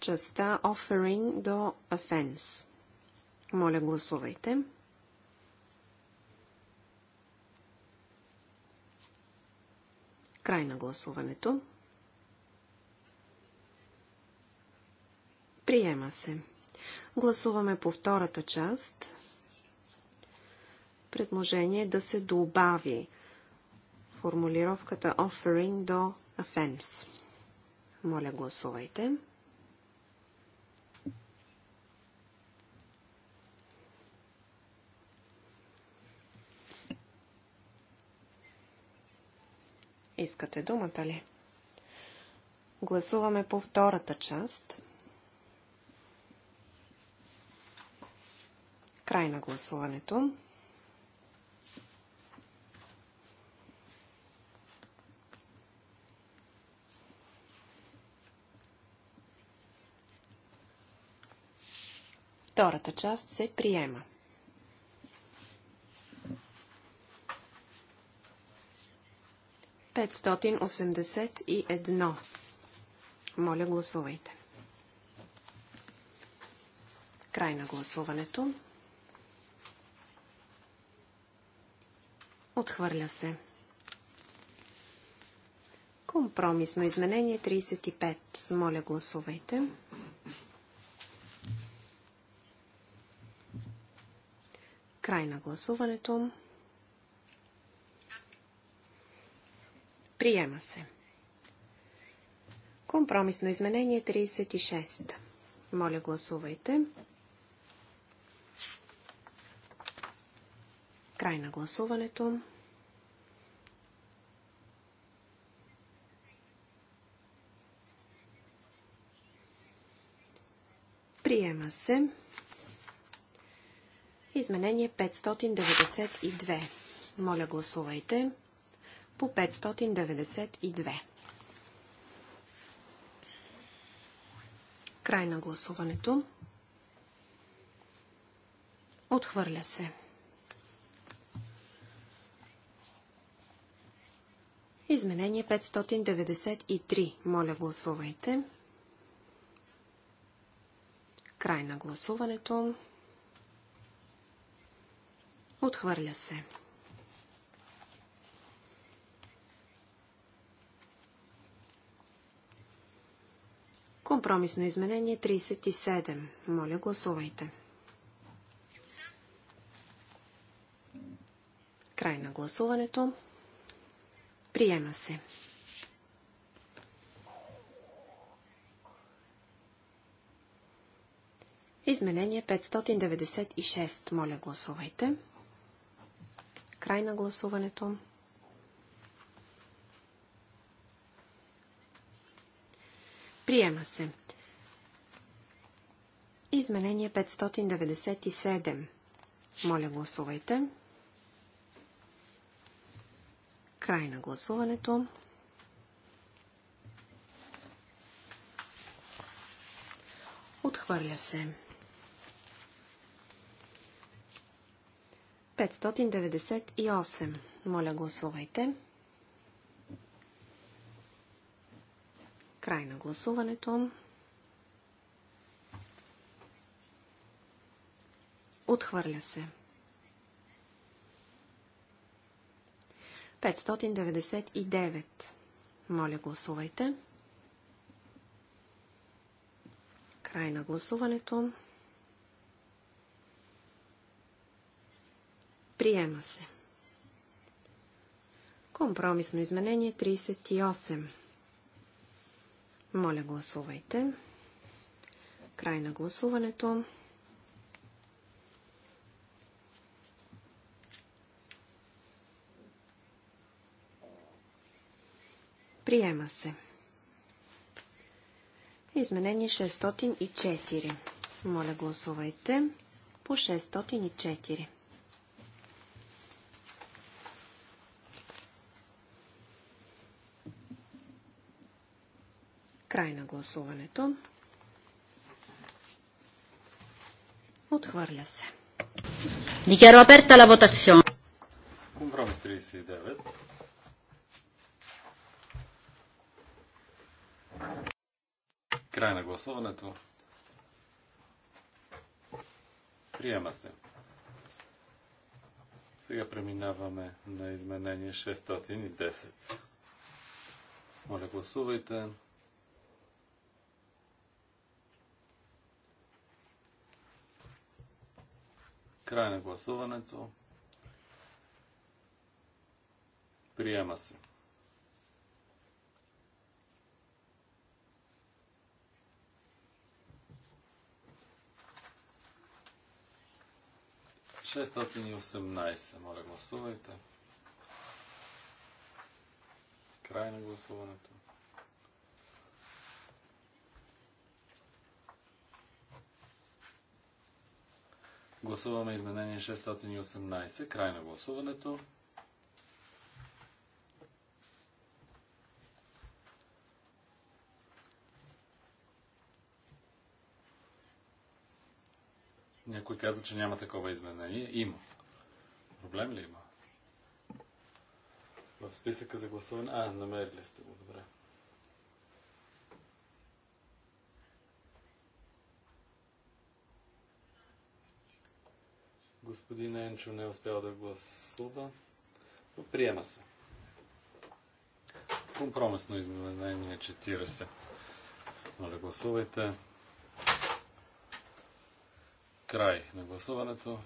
частта offering до offense. Моля, гласувайте. Гласувайте. Край на гласуването. Приема се. Гласуваме по втората част. Предложение да се добави формулировката offering до offense. Моля, гласувайте. Искате думата ли? Гласуваме по втората част. Край на гласуването. Втората част се приема. 581. Моля, гласувайте. Край на гласуването. Отхвърля се. Компромисно изменение 35. Моля, гласувайте. Край на гласуването. Приема се. Компромисно изменение 36. Моля, гласувайте. Край на гласуването. Приема се. Изменение 592. Моля, гласувайте по 592. Край на гласуването. Отхвърля се. Изменение 593. Моля, гласувайте. Край на гласуването. Отхвърля се. Компромисно изменение 37. Моля, гласувайте. Край на гласуването. Приема се. Изменение 596. Моля, гласувайте. Край на гласуването. Приема се. Изменение 597. Моля, гласувайте. Край на гласуването. Отхвърля се. 598. Моля, гласувайте. Край на гласуването. Отхвърля се. 599. Моля, гласувайте. Край на гласуването. Приема се. Компромисно изменение 38. Моля, гласувайте. Край на гласуването. Приема се. Изменение 604. Моля, гласувайте по 604. Край на гласуването. Отхвърля се. Dichiaro аперта ла votazione. Компромис 39. Край на гласуването. Приема се. Сега преминаваме на изменение 610. Моля, гласувайте. Край на гласуването. Приема се. Шестотин и осемнайсе. Моля, гласувайте. Край на гласуването. Гласуваме изменение 618. Край на гласуването. Някой каза, че няма такова изменение. Има. Проблем ли има? В списъка за гласуване. А, намерили сте го. Добре. Господин Енчо не е успял да гласува. Но приема се. Компромисно изменение 40. Моля, гласувайте. Край на гласуването.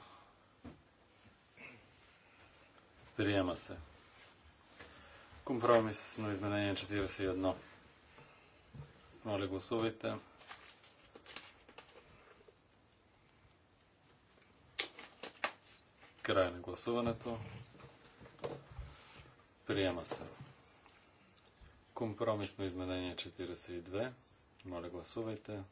Приема се. Компромисно изменение 41. Моля, гласувайте. Край на гласуването. Приема се. Компромисно изменение 42. Моля, гласувайте.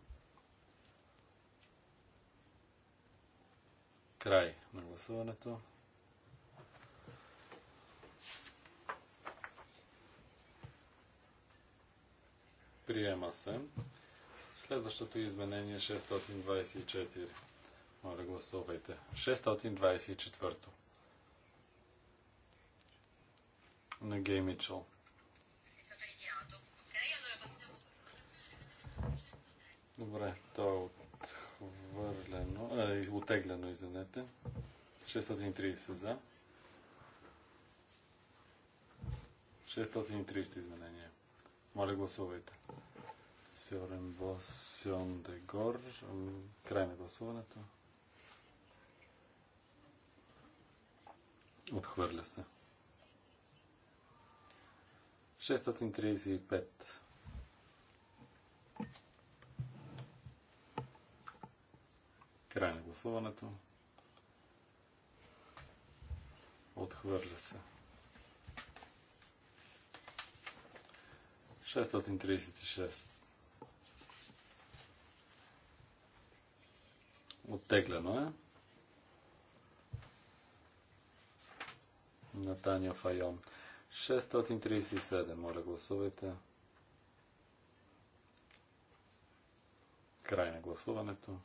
Край на гласуването. Приема се. Следващото изменение 624. Моля, гласувайте. 624-то. На Гей Митчел. Добре, то е отхвърлено, е, отеглено, извинете. 630 за. 630 изменения. Моля, гласувайте. Сьорен Босьон Дегор. Край на гласуването. Отхвърля се. 635. Край на гласуването. Отхвърля се. 636. Оттеглено е. на Таня Файон. 637, моля гласувайте. Край на гласуването.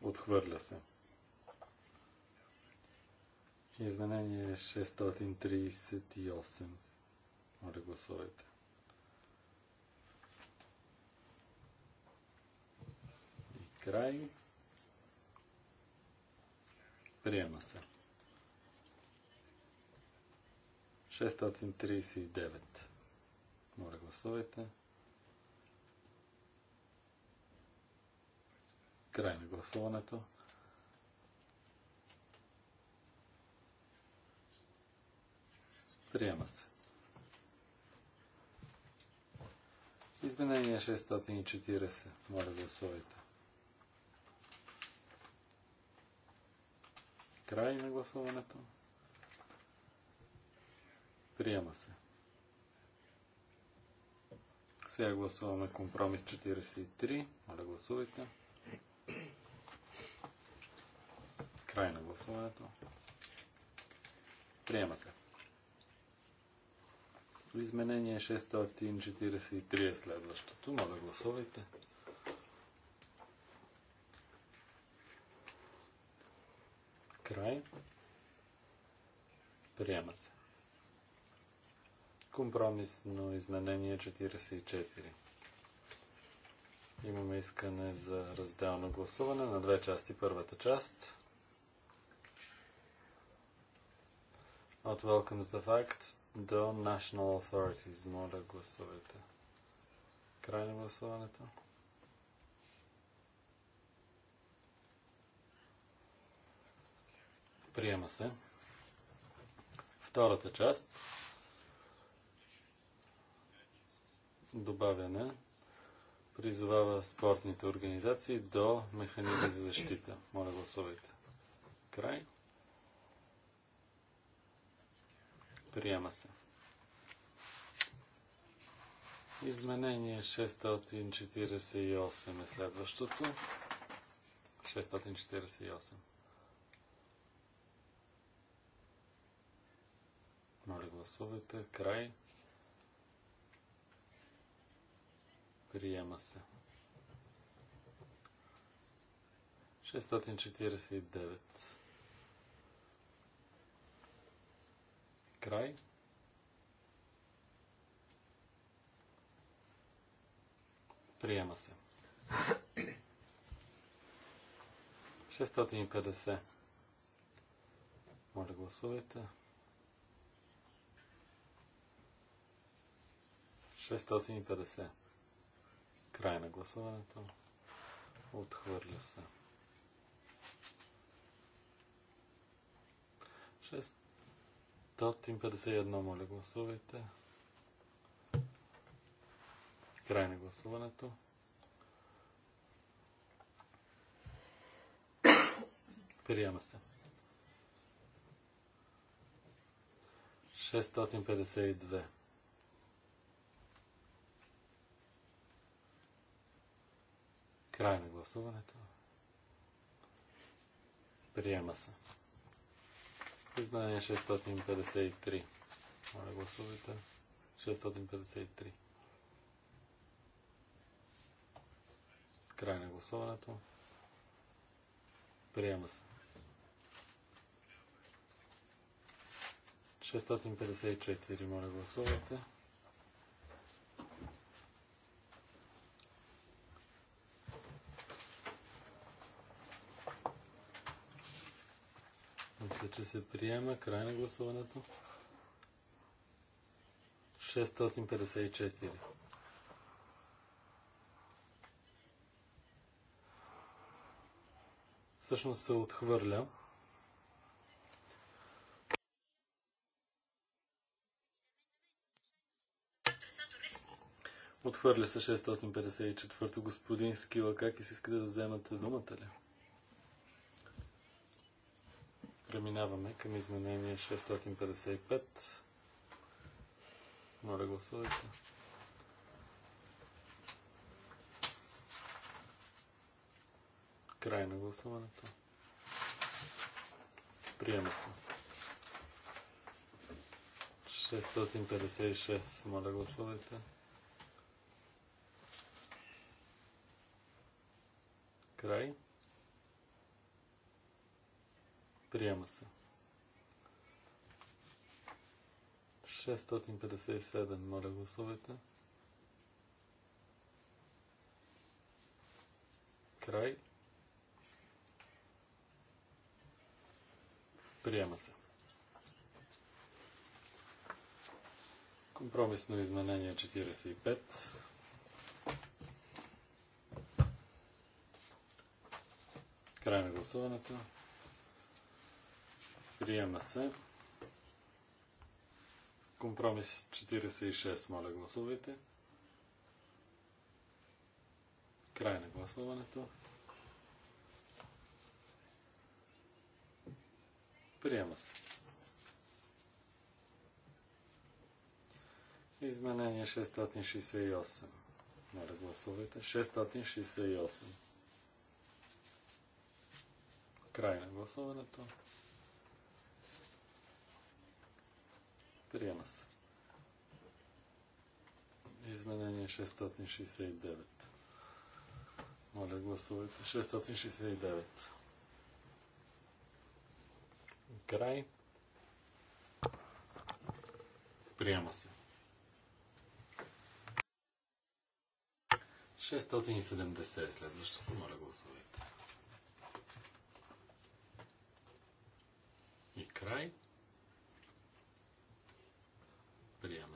Отхвърля се. Изменение 638. Моля гласувайте. И край. Приема се. 639. Моля, гласувайте. Край на гласуването. Приема се. Изменение 640. Моля, гласувайте. Край на гласуването. Приема се. Сега гласуваме компромис 43. Моля гласувайте. Край на гласуването. Приема се. Изменение 643 е следващото. Моля гласувайте. Край. Приема се. Компромисно изменение 44. Имаме искане за разделно гласуване на две части. Първата част от Welcomes the Fact до National Authorities. Моля, гласувайте. Край на гласуването. Приема се. Втората част. Добавяне. Призовава спортните организации до механизми за защита. Моля, гласувайте. Край. Приема се. Изменение 648 е следващото. 648. Моля, гласувайте. Край. Приема се. 649. Край. Приема се. 650. Моля, гласувайте. 650. Край на гласуването. Отхвърля се. 651, моля, гласувайте. Край на гласуването. Приема се. 652. Край на гласуването. Приема се. Издание 653. Моля, гласувайте. 653. Край на гласуването. Приема се. 654. Моля, гласувайте. че се приема. Край на гласуването. 654. Всъщност се отхвърля. Отхвърля се 654. Господин Скила, как и си искате да вземате думата ли? Преминаваме към изменение 655. Моля, гласувайте. Край на гласуването. Приема се. 656. Моля, гласувайте. Край. Приема се. 657, моля гласувайте. Край. Приема се. Компромисно изменение 45. Край на гласуването. Приема се. Компромис 46. Моля, гласувайте. Край на гласуването. Приема се. Изменение 668. Моля, гласувайте. 668. Край на гласуването. Приема се. Изменение 669. Моля, гласувайте. 669. Край. Приема се. 670 е следващото. Моля, гласувайте. И край.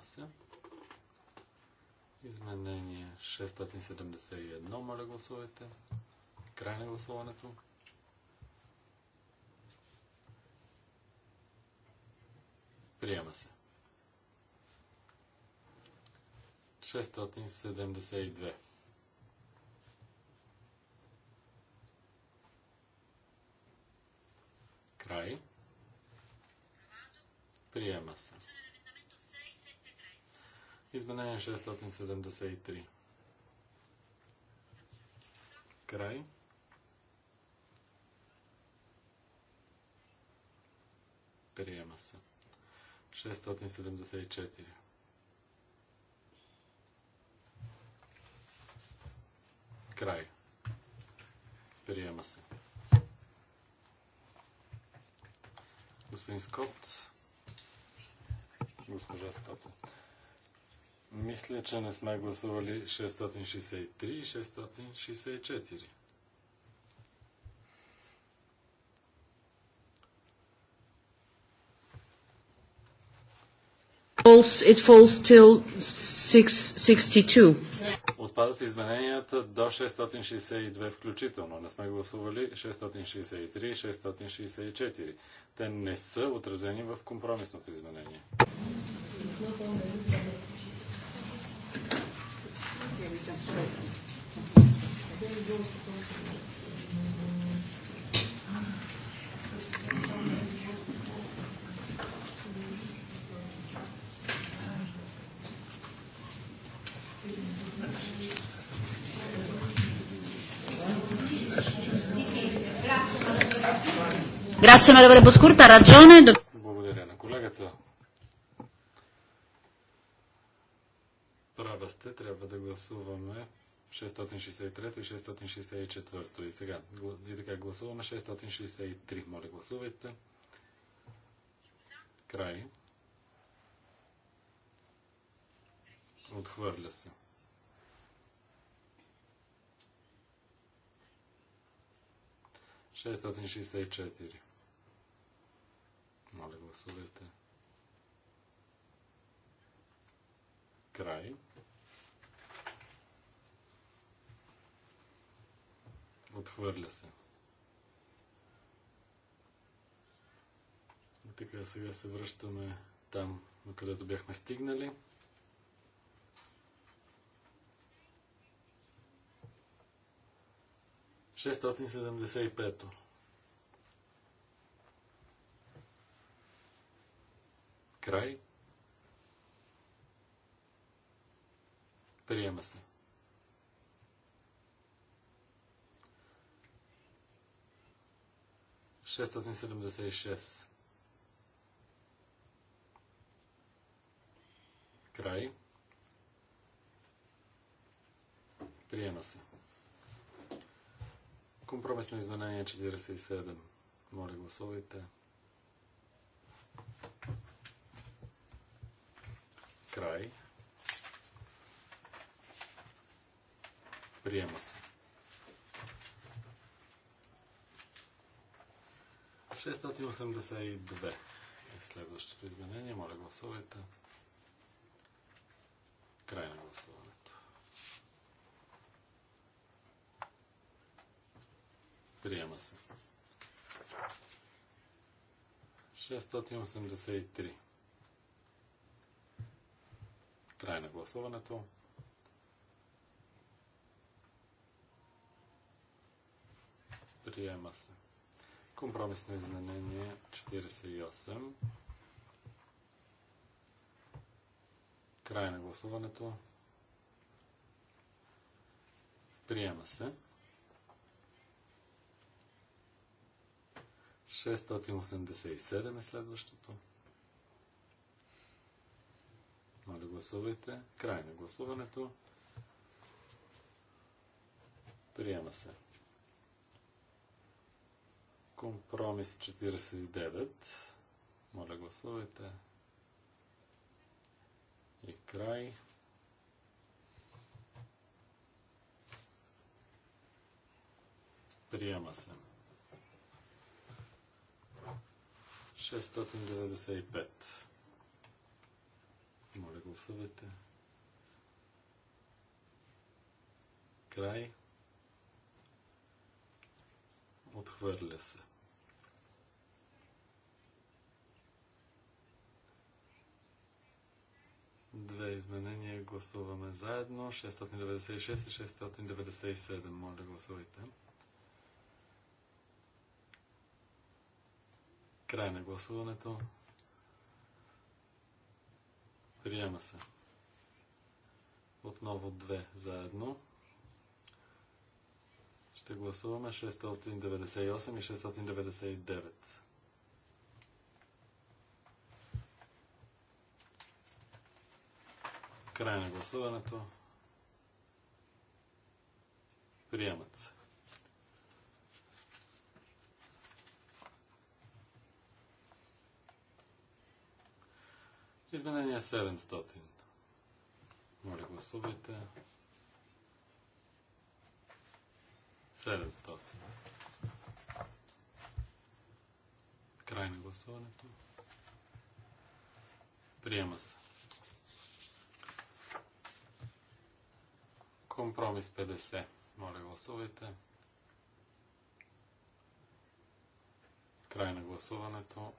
се. Изменение 671, моля гласувайте. Край на гласуването. Приема се. 672. Край. Приема се. Изменение 673. Край. Приема се. 674. Край. Приема се. Господин Скот. Госпожа Скот. Мисля, че не сме гласували 663 и 664. It falls till 662. Отпадат измененията до 662 включително. Не сме гласували 663 и 664. Те не са отразени в компромисното изменение. It's Grazie onorevole Boscurta, ha ragione, сте, трябва да гласуваме 663 и 664. И сега, и така гласуваме 663. Моля, гласувайте. Край. Отхвърля се. Шестстотин шестдесет четири. Моля, гласувайте. Край. Отхвърля се. И така, сега се връщаме там, на където бяхме стигнали. Шестотин седемдесет и пето. край. Приема се. 676. Край. Приема се. Компромисно изменение 47. Моля, гласувайте. Край. Приема се. 682 е следващото изменение. Моля, гласувайте. Край на гласуването. Приема се. 683. Край на гласуването. Приема се. Компромисно изменение 48. Край на гласуването. Приема се. 687 е следващото. Моля, гласувайте. Край на гласуването. Приема се. Компромис 49. Моля, гласувайте. И край. Приема се. 695. Моля, гласувайте. Край. Отхвърля се. Две изменения гласуваме заедно. 696 и 697. Моля, да гласувайте. Край на гласуването. Приема се. Отново две заедно. Ще гласуваме 698 и 699. Край на гласуването. Приемат се. Изменение 700. Моля, гласувайте. 700. Край на гласуването. Приема се. Компромис 50. Моля, гласувайте. Край на гласуването.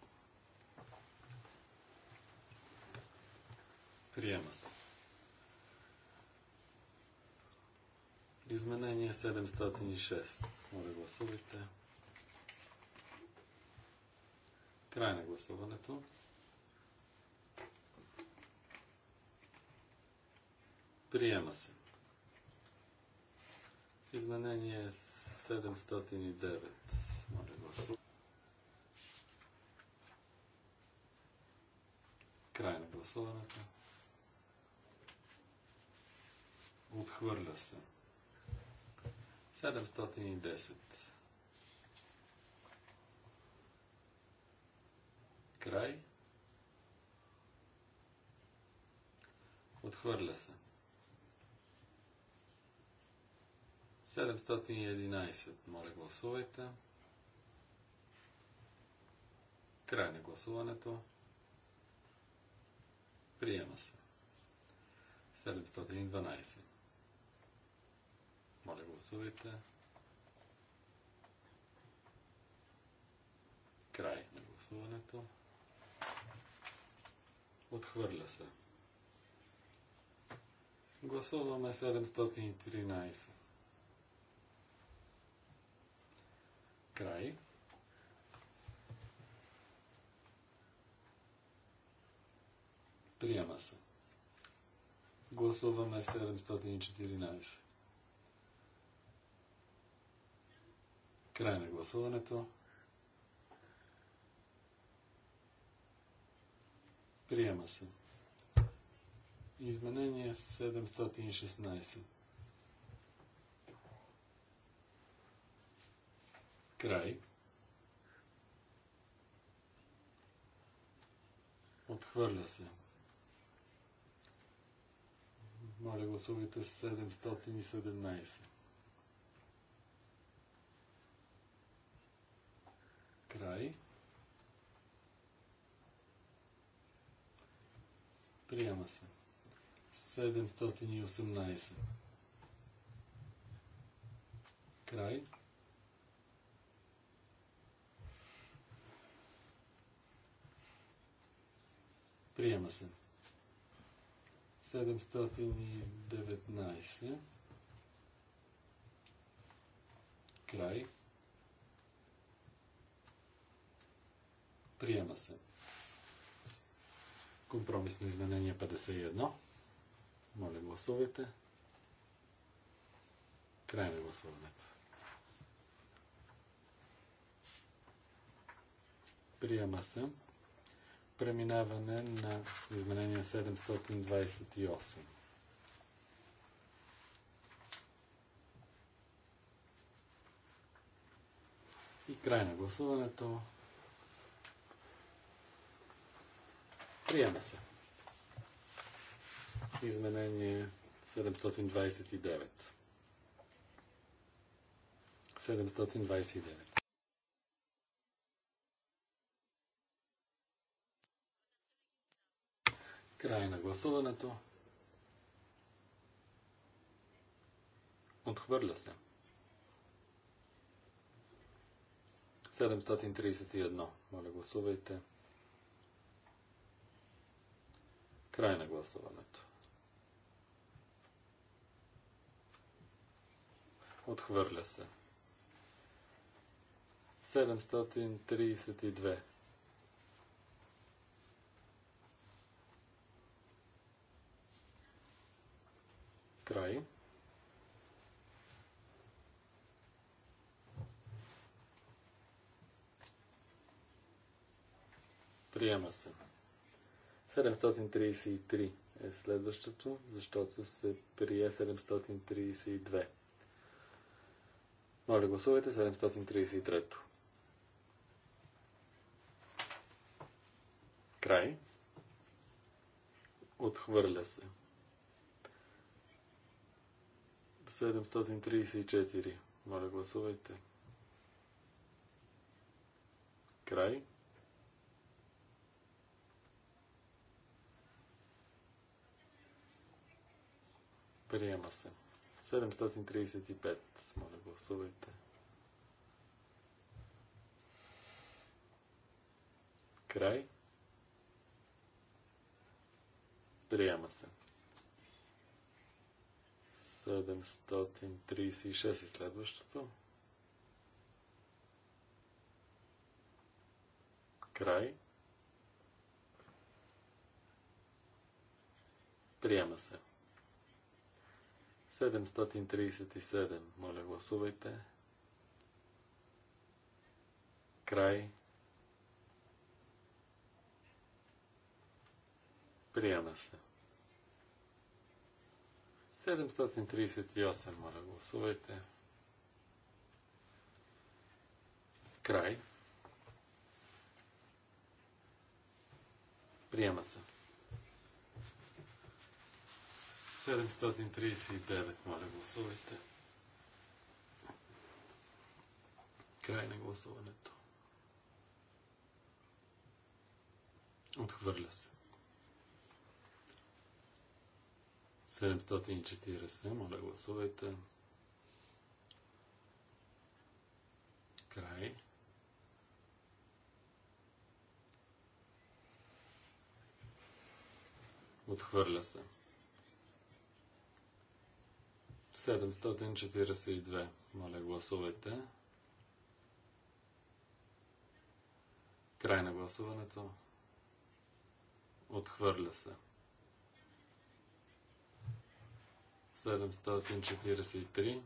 Приема се. Изменение 706. Моля, гласувайте. Край на гласуването. Приема се. Изменение 709. Моля, гласувайте. Край на гласуването. Отхвърля се. 710. Край. Отхвърля се. 710. 711. Моля, гласувайте. Край на гласуването. Приема се. 712. Моля, гласувайте. Край на гласуването. Отхвърля се. Гласуваме 713. Край. Приема се. Гласуваме 714. Край на гласуването. Приема се. Изменение 716. Край. Отхвърля се. Моля, гласувайте 717. Край. Приема се. 718. Край. Приема се. 719. Край. Приема се. Компромисно изменение 51. Моля, гласувайте. Край на гласуването. Приема се преминаване на изменение 728. И край на гласуването. Приема се. Изменение 729. 729. Край на гласуването. Отхвърля се. 731. Моля, гласувайте. Край на гласуването. Отхвърля се. 732. край. Приема се. 733 е следващото, защото се прие 732. Моля, гласувайте 733. Край. Отхвърля се. 734. 734. Моля, гласувайте. Край. Приема се. 735. Моля, гласувайте. Край. Приема се. 736. 736 и следващото. Край. Приема се. 737. Моля, гласувайте. Край. Приема се. 738, моля, гласувайте. Край. Приема се. 739, моля, гласувайте. Край на гласуването. Отхвърля се. 740. Моля, гласувайте. Край. Отхвърля се. 742. Моля, гласувайте. Край на гласуването. Отхвърля се. 743. 743.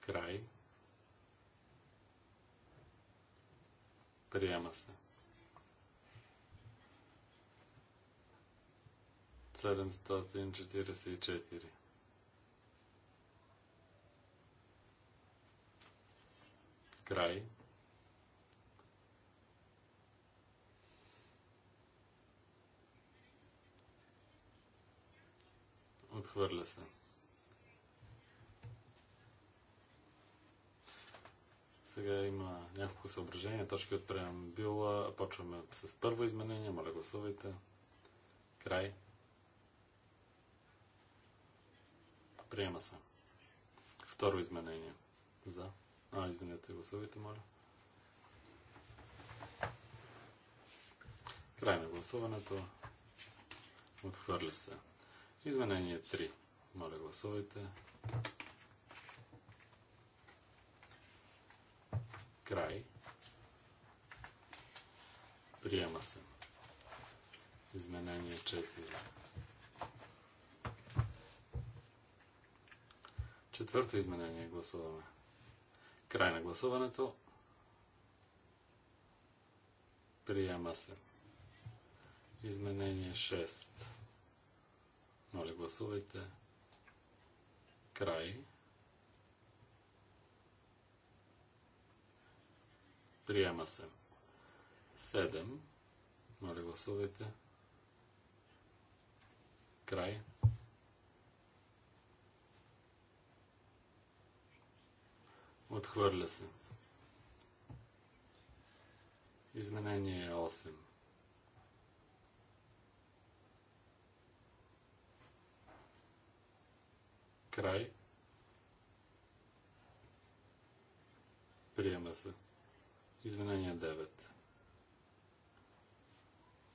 Край. Приема се. 744. Край. Отхвърля се. Сега има няколко съображения, точки от преамбюла. Почваме с първо изменение. Моля, гласувайте. Край. Приема се. Второ изменение. За. А, извинете, гласувайте, моля. Край на гласуването. Отхвърля се. Изменение 3. Моля, гласувайте. Край. Приема се. Изменение 4. Четвърто изменение гласуваме. Край на гласуването. Приема се. Изменение 6. Моля, гласувайте. Край. Приема се. 7. Моля, гласувайте. Край. Отхвърля се. Изменение 8. Край. Приема се. Изменение 9.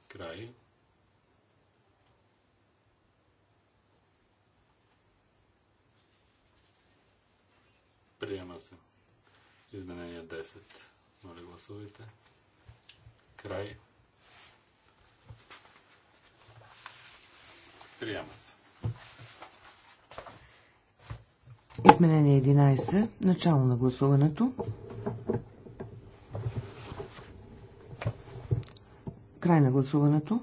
Край. Приема се. Изменение 10. Моля гласувайте. Край. Приема се. Изменение 11. Начало на гласуването. Край на гласуването.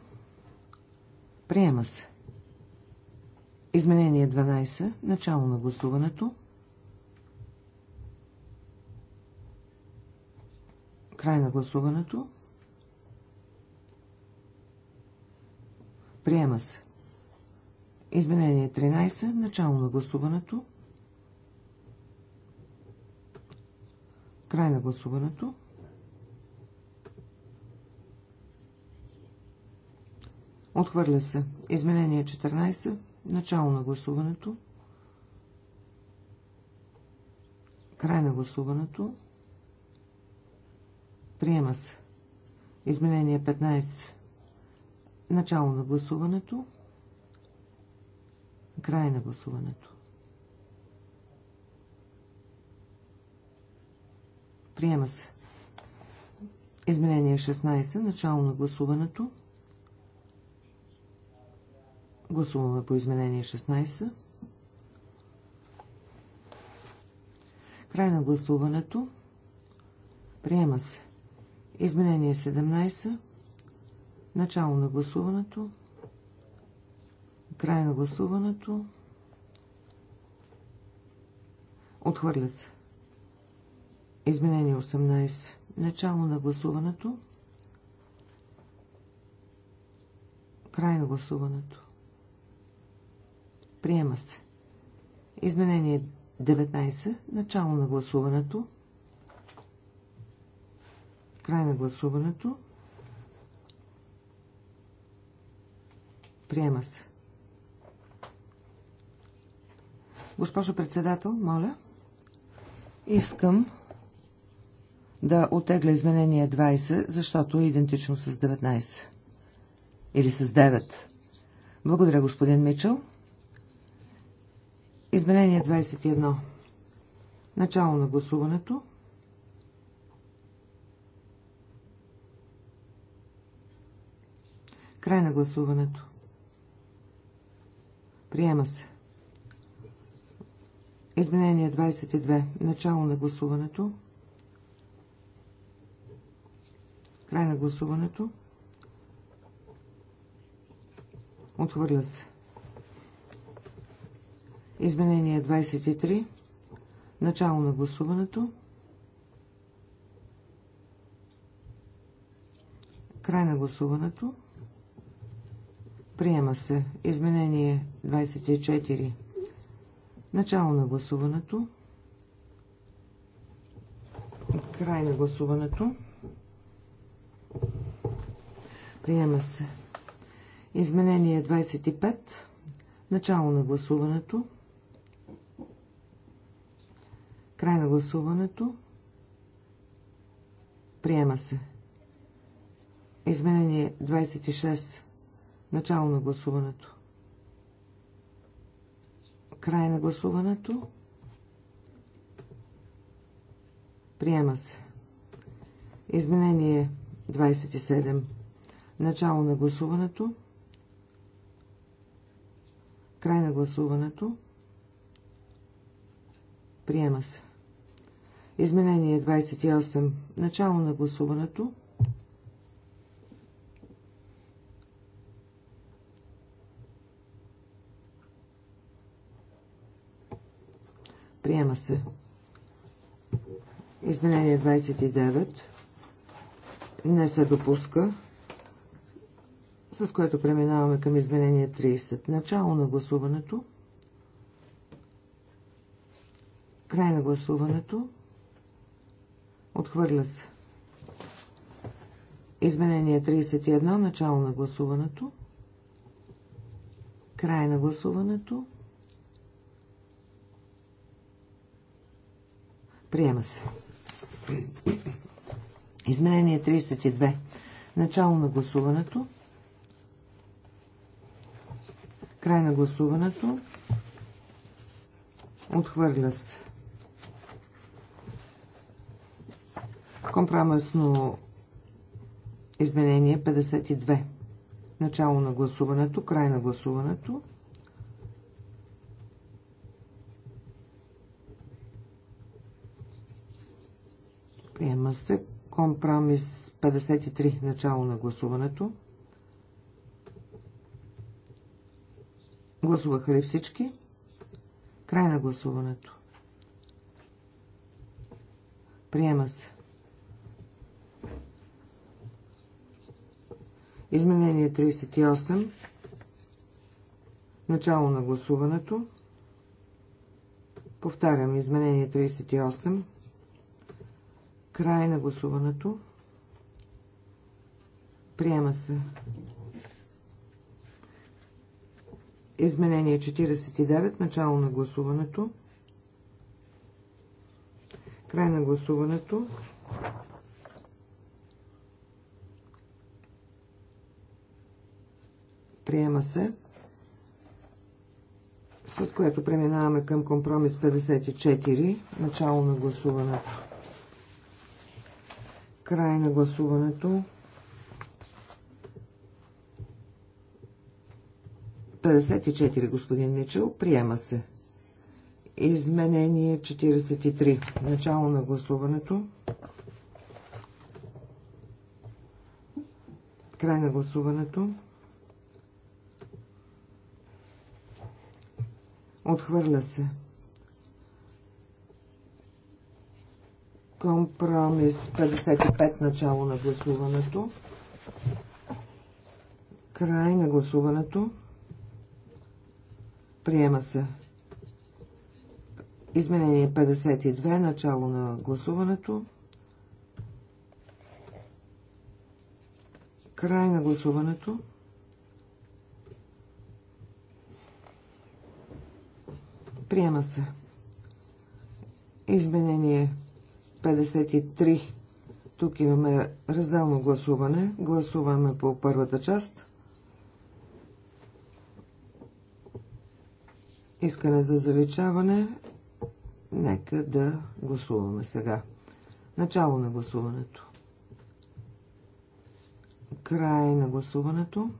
Приема се. Изменение 12. Начало на гласуването. Край на гласуването. Приема се. Изменение 13. Начало на гласуването. Край на гласуването. Отхвърля се. Изменение 14. Начало на гласуването. Край на гласуването. Приема се. Изменение 15. Начало на гласуването. Край на гласуването. Приема се. Изменение 16. Начало на гласуването. Гласуваме по изменение 16. Край на гласуването. Приема се. Изменение 17. Начало на гласуването. Край на гласуването. Отхвърлят се. Изменение 18. Начало на гласуването. Край на гласуването. Приема се. Изменение 19. Начало на гласуването. Край на гласуването. Приема се. Госпожо председател, моля. Искам да отегля изменение 20, защото е идентично с 19. Или с 9. Благодаря, господин Мичел. Изменение 21. Начало на гласуването. Край на гласуването. Приема се. Изменение 22. Начало на гласуването. Край на гласуването. Отхвърля се. Изменение 23. Начало на гласуването. Край на гласуването. Приема се. Изменение 24. Начало на гласуването. Край на гласуването. Приема се. Изменение 25. Начало на гласуването. Край на гласуването. Приема се. Изменение 26. Начало на гласуването. Край на гласуването. Приема се. Изменение 27. Начало на гласуването. Край на гласуването. Приема се. Изменение 28. Начало на гласуването. Приема се. Изменение 29. Не се допуска с което преминаваме към изменение 30. Начало на гласуването. Край на гласуването. Отхвърля се. Изменение 31. Начало на гласуването. Край на гласуването. Приема се. Изменение 32. Начало на гласуването. Край на гласуването. Отхвърля се. Компромисно изменение 52. Начало на гласуването, край на гласуването. Приема се компромис 53. Начало на гласуването. Гласуваха ли всички? Край на гласуването. Приема се. Изменение 38. Начало на гласуването. Повтарям изменение 38. Край на гласуването. Приема се. Изменение 49, начало на гласуването. Край на гласуването. Приема се. С което преминаваме към компромис 54, начало на гласуването. Край на гласуването. 54, господин Мичел. Приема се. Изменение 43. Начало на гласуването. Край на гласуването. Отхвърля се. Компромис 55. Начало на гласуването. Край на гласуването. Приема се. Изменение 52, начало на гласуването. Край на гласуването. Приема се. Изменение 53. Тук имаме разделно гласуване. Гласуваме по първата част. искане за заличаване. Нека да гласуваме сега. Начало на гласуването. Край на гласуването.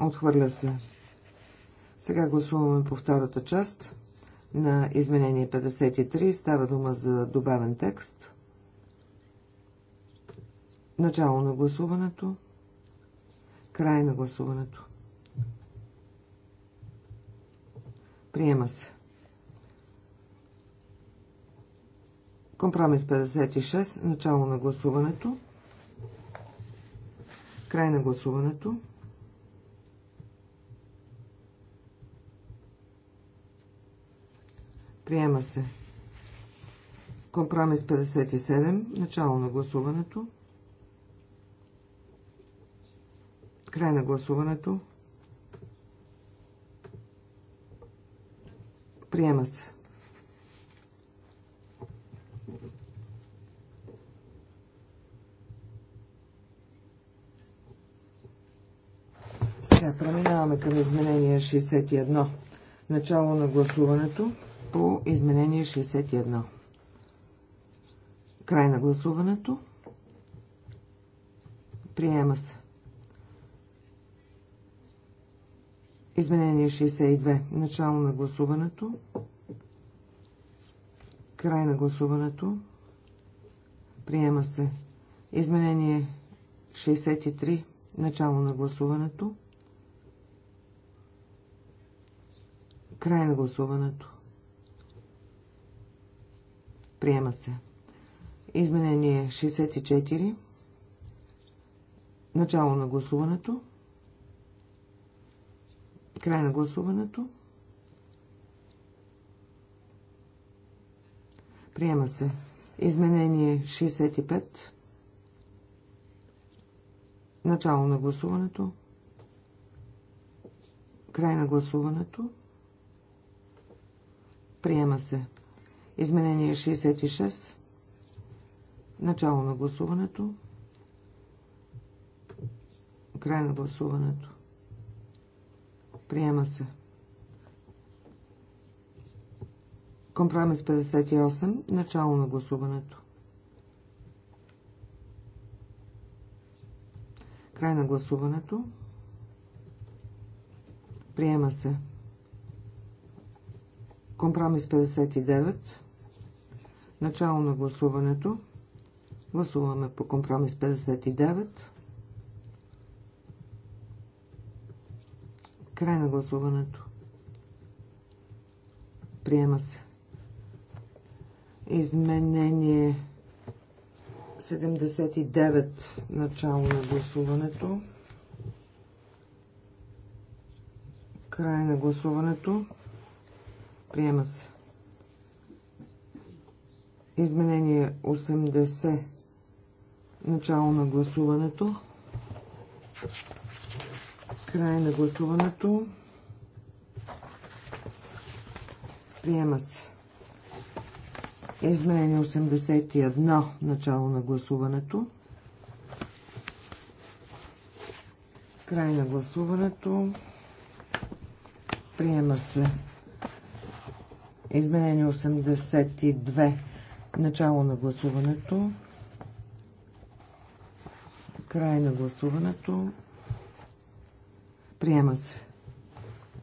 Отхвърля се. Сега гласуваме по втората част на изменение 53. Става дума за добавен текст. Начало на гласуването. Край на гласуването. Приема се. Компромис 56. Начало на гласуването. Край на гласуването. Приема се. Компромис 57. Начало на гласуването. Край на гласуването. Приема се. Сега преминаваме към изменение 61. Начало на гласуването по изменение 61. Край на гласуването. Приема се. Изменение 62. Начало на гласуването. Край на гласуването. Приема се. Изменение 63. Начало на гласуването. Край на гласуването. Приема се. Изменение 64. Начало на гласуването. Край на гласуването. Приема се. Изменение 65. Начало на гласуването. Край на гласуването. Приема се. Изменение 66. Начало на гласуването. Край на гласуването. Приема се. Компромис 58. Начало на гласуването. Край на гласуването. Приема се. Компромис 59. Начало на гласуването. Гласуваме по компромис 59. Край на гласуването. Приема се. Изменение 79. Начало на гласуването. Край на гласуването. Приема се. Изменение 80. Начало на гласуването. Край на гласуването. Приема се. Изменение 81. Начало на гласуването. Край на гласуването. Приема се. Изменение 82. Начало на гласуването. Край на гласуването. Приема се.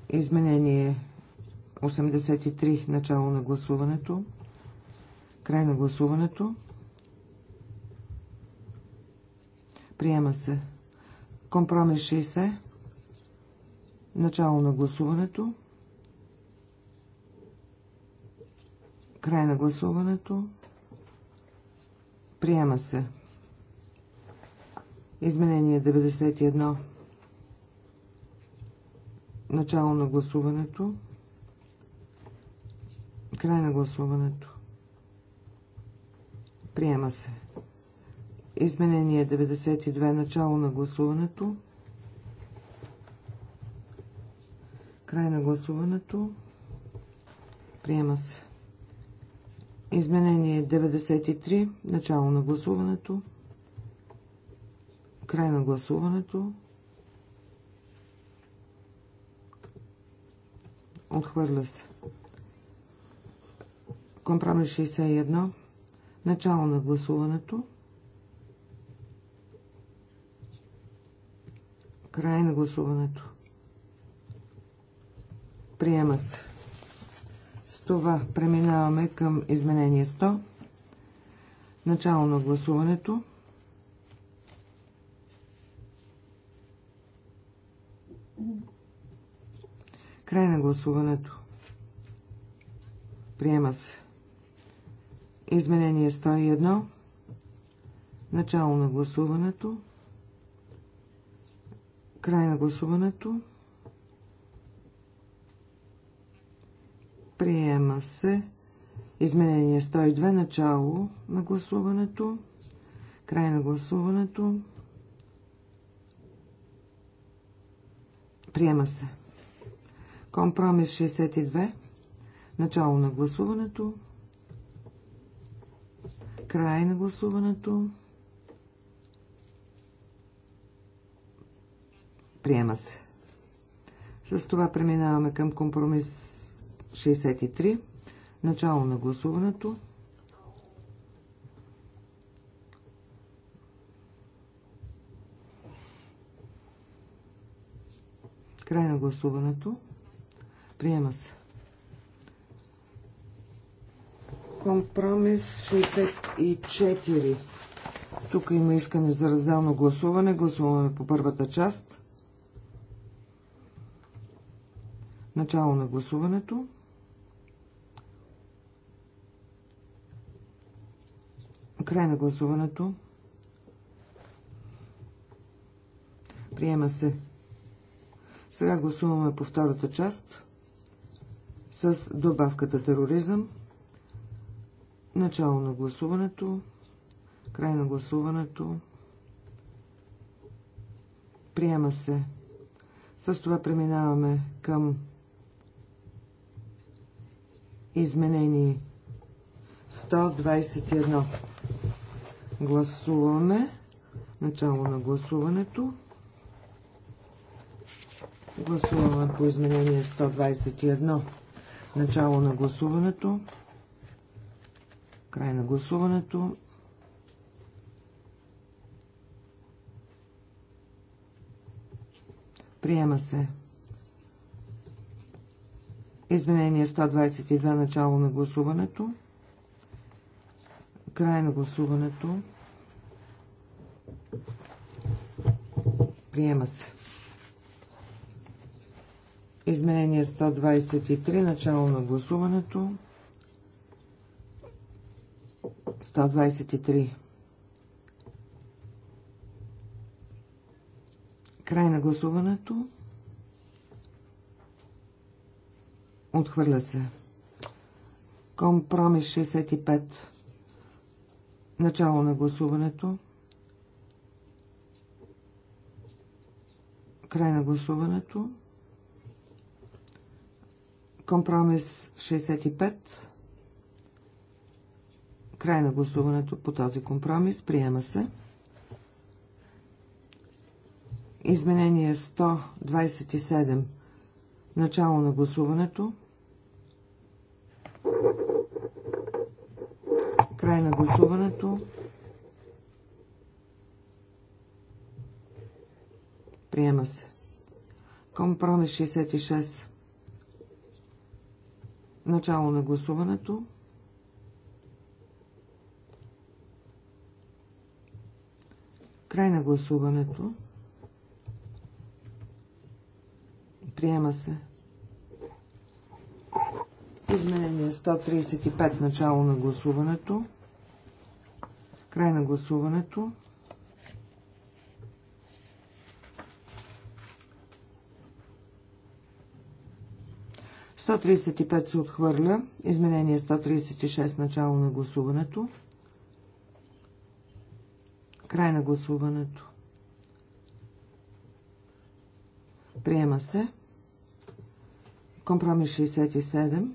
Изменение 83. Начало на гласуването. Край на гласуването. Приема се. Компромис 60. Начало на гласуването. Край на гласуването. Приема се. Изменение 91. Начало на гласуването. Край на гласуването. Приема се. Изменение 92. Начало на гласуването. Край на гласуването. Приема се. Изменение 93. Начало на гласуването. Край на гласуването. Отхвърля се. Компромис 61. Начало на гласуването. Край на гласуването. Приема се. С това преминаваме към изменение 100. Начало на гласуването. Mm-hmm. Край на гласуването. Приема се. Изменение 101. Начало на гласуването. Край на гласуването. Приема се. Изменение 102. Начало на гласуването. Край на гласуването. Приема се. Компромис 62. Начало на гласуването. Край на гласуването. Приема се. С това преминаваме към компромис 63. Начало на гласуването. Край на гласуването. Приема се. Компромис 64. Тук има искане за разделно гласуване. Гласуваме по първата част. Начало на гласуването. Край на гласуването. Приема се. Сега гласуваме по втората част с добавката тероризъм. Начало на гласуването. Край на гласуването. Приема се. С това преминаваме към изменение 121. Гласуваме. Начало на гласуването. Гласуваме по изменение 121. Начало на гласуването. Край на гласуването. Приема се. Изменение 122. Начало на гласуването. Край на гласуването. Приема се. Изменение 123, начало на гласуването. 123. Край на гласуването. Отхвърля се. Компромис 65. Начало на гласуването. Край на гласуването. Компромис 65. Край на гласуването по този компромис. Приема се. Изменение 127. Начало на гласуването. Край на гласуването. Приема се. Компромис 66. Начало на гласуването. Край на гласуването. Приема се. Изменение 135. Начало на гласуването. Край на гласуването. 135 се отхвърля. Изменение 136 начало на гласуването. Край на гласуването. Приема се. Компромис 67.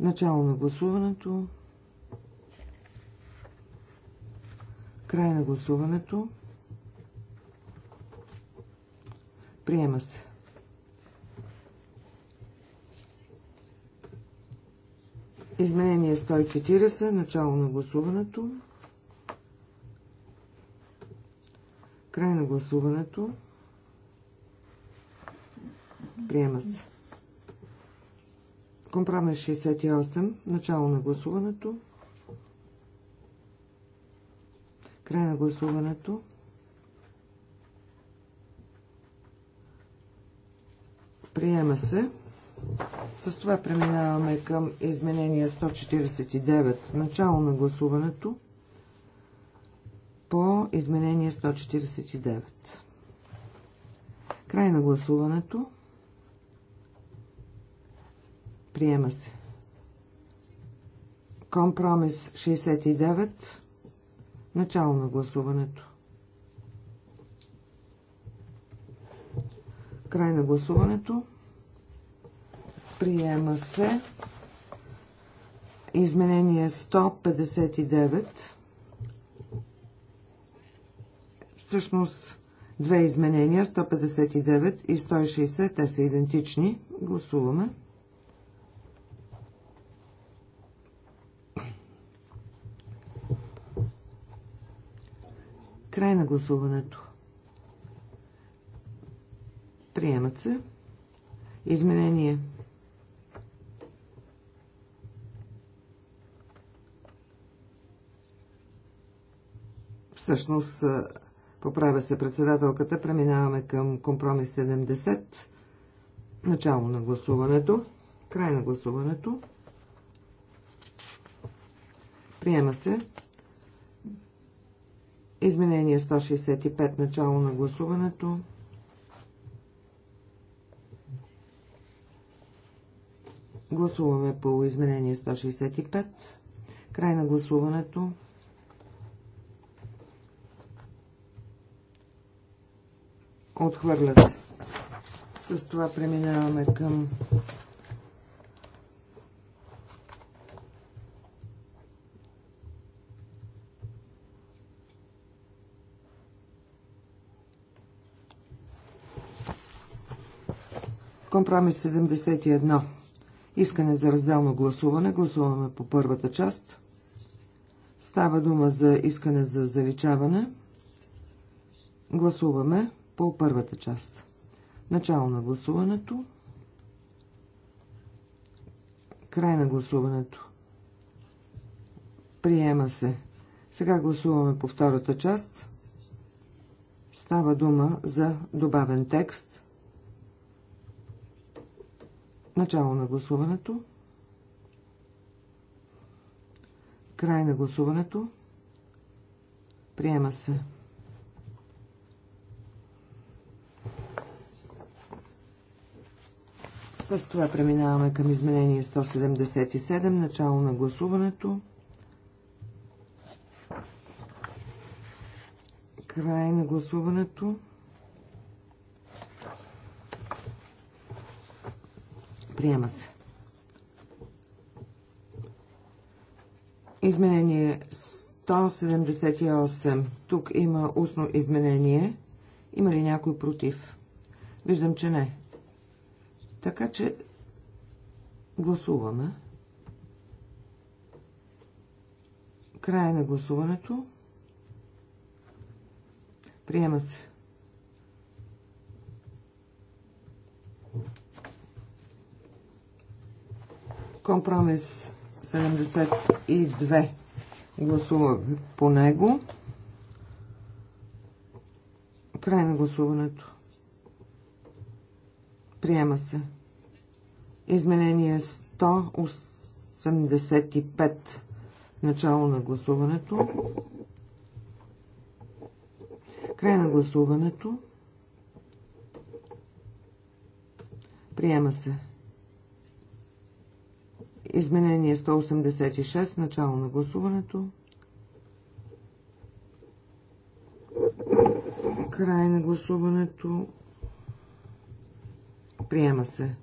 Начало на гласуването. Край на гласуването. Приема се. Изменение 140, начало на гласуването. Край на гласуването. Приема се. Компромис 68, начало на гласуването. Край на гласуването. Приема се. С това преминаваме към изменение 149. Начало на гласуването по изменение 149. Край на гласуването. Приема се. Компромис 69. Начало на гласуването. Край на гласуването. Приема се. Изменение 159. Всъщност две изменения 159 и 160. Те са идентични. Гласуваме. Край на гласуването. Приемат се. Изменение 161. Всъщност, поправя се председателката, преминаваме към компромис 70. Начало на гласуването. Край на гласуването. Приема се. Изменение 165. Начало на гласуването. Гласуваме по изменение 165. Край на гласуването. Отхвърля се. С това преминаваме към Компромис 71. Искане за разделно гласуване. Гласуваме по първата част. Става дума за искане за заличаване. Гласуваме по първата част. Начало на гласуването. Край на гласуването. Приема се. Сега гласуваме по втората част. Става дума за добавен текст. Начало на гласуването. Край на гласуването. Приема се. С това преминаваме към изменение 177, начало на гласуването. Край на гласуването. Приема се. Изменение 178. Тук има устно изменение. Има ли някой против? Виждам, че не. Така че гласуваме. Края на гласуването. Приема се. Компромис 72. Гласува по него. Край на гласуването. Приема се. Изменение 185. Начало на гласуването. Край на гласуването. Приема се. Изменение 186. Начало на гласуването. Край на гласуването. Приема се.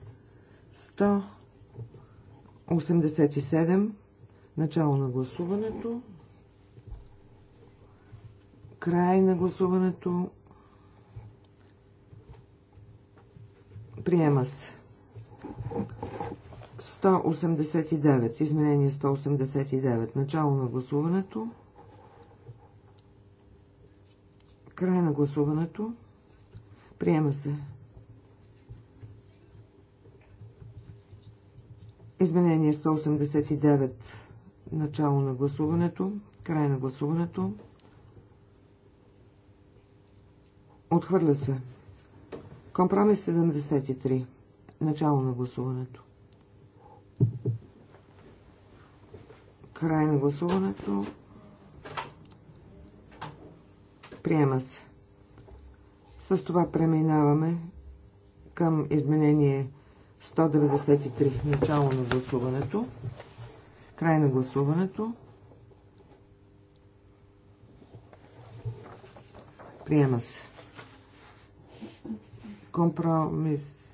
187. Начало на гласуването. Край на гласуването. Приема се. 189. Изменение 189. Начало на гласуването. Край на гласуването. Приема се. Изменение 189. Начало на гласуването. Край на гласуването. Отхвърля се. Компромис 73. Начало на гласуването. Край на гласуването. Приема се. С това преминаваме към изменение 190. 193. Начало на гласуването. Край на гласуването. Приема се. Компромис.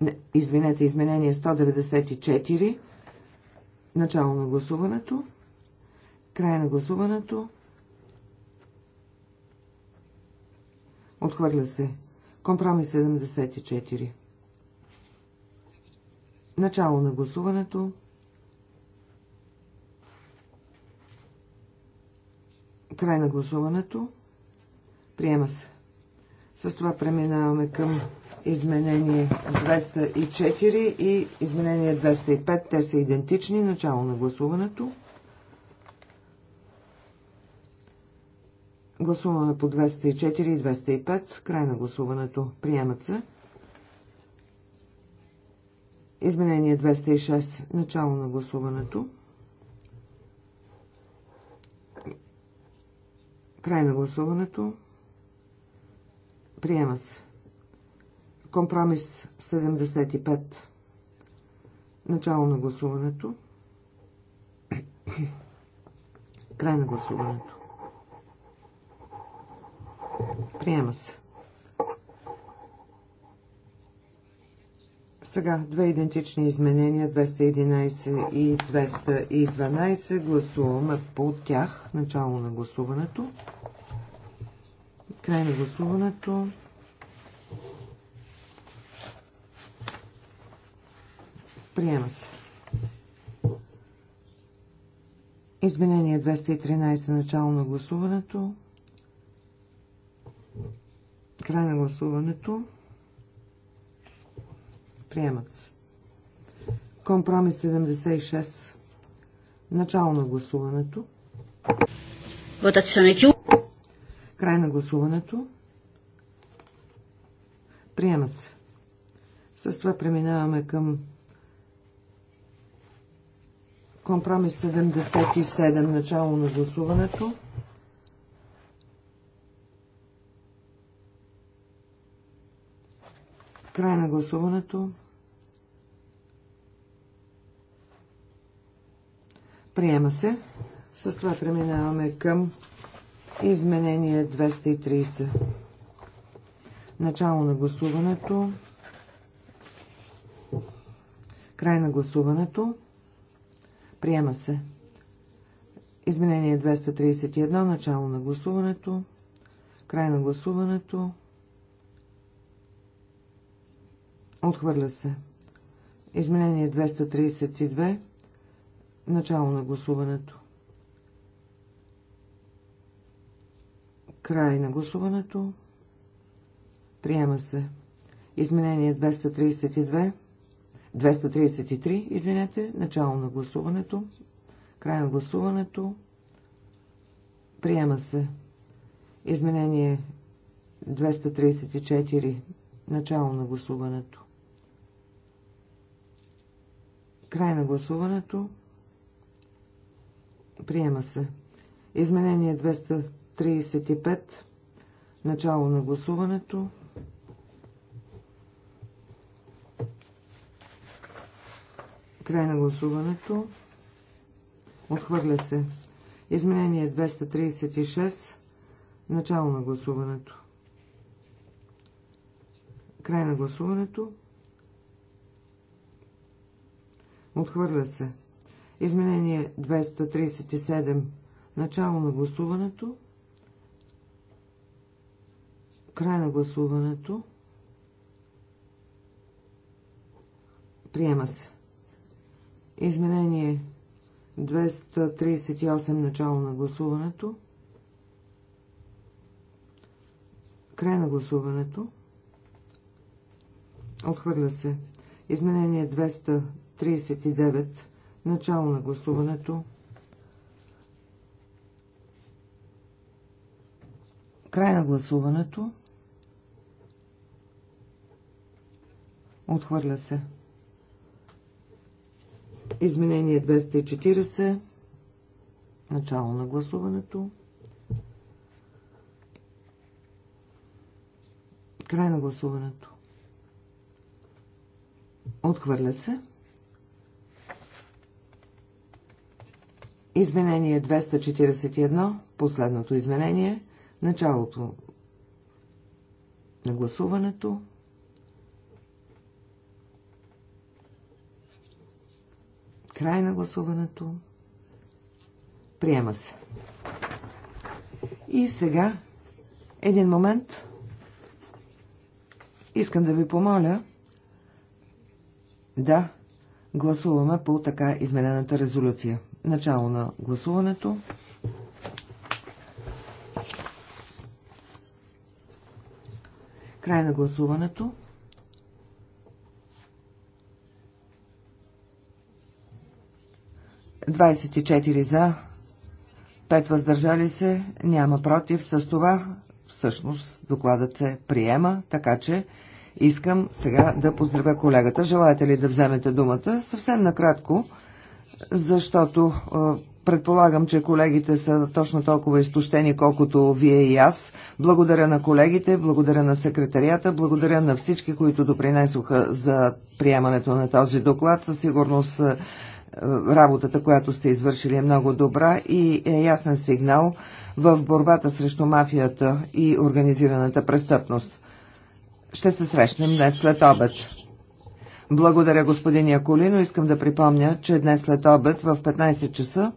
Не, извинете, изменение 194. Начало на гласуването. Край на гласуването. Отхвърля се. Компромис 74. Начало на гласуването. Край на гласуването. Приема се. С това преминаваме към изменение 204 и изменение 205. Те са идентични. Начало на гласуването. Гласуваме по 204 и 205. Край на гласуването. Приемат се. Изменение 206. Начало на гласуването. Край на гласуването. Приема се. Компромис 75. Начало на гласуването. Край на гласуването. Приема се. Сега две идентични изменения 211 и 212. Гласуваме по тях. Начало на гласуването. Край на гласуването. Приема се. Изменение 213. Начало на гласуването. Край на гласуването. Приемат се. Компромис 76. Начало на гласуването. Votazione chiusa. Край на гласуването. Приемат се. С това преминаваме към компромис 77, начало на гласуването. Край на гласуването. Приема се. С това преминаваме към изменение 230. Начало на гласуването. Край на гласуването. Приема се. Изменение 231. Начало на гласуването. Край на гласуването. Отхвърля се. Изменение 232. Начало на гласуването. Край на гласуването. Приема се. Изменение 232. 233, извинете, начало на гласуването, край на гласуването, приема се изменение 234, начало на гласуването, край на гласуването, Приема се. Изменение 235. Начало на гласуването. Край на гласуването. Отхвърля се. Изменение 236. Начало на гласуването. Край на гласуването. Отхвърля се. Изменение 237. Начало на гласуването. Край на гласуването. Приема се. Изменение 238. Начало на гласуването. Край на гласуването. Отхвърля се. Изменение 239. Начало на гласуването. Край на гласуването. Отхвърля се. Изменение 240. Начало на гласуването. Край на гласуването. Отхвърля се. Изменение 241, последното изменение, началото на гласуването. Край на гласуването. Приема се. И сега, един момент, искам да ви помоля да гласуваме по така изменената резолюция. Начало на гласуването. Край на гласуването. Двадесет и четири за, пет въздържали се, няма против. С това всъщност докладът се приема, така че искам сега да поздравя колегата. Желаете ли да вземете думата? Съвсем накратко защото е, Предполагам, че колегите са точно толкова изтощени, колкото вие и аз. Благодаря на колегите, благодаря на секретарията, благодаря на всички, които допринесоха за приемането на този доклад. Със сигурност е, работата, която сте извършили е много добра и е ясен сигнал в борбата срещу мафията и организираната престъпност. Ще се срещнем днес след обед. Благодаря, господин Яколино. Искам да припомня, че днес след обед в 15 часа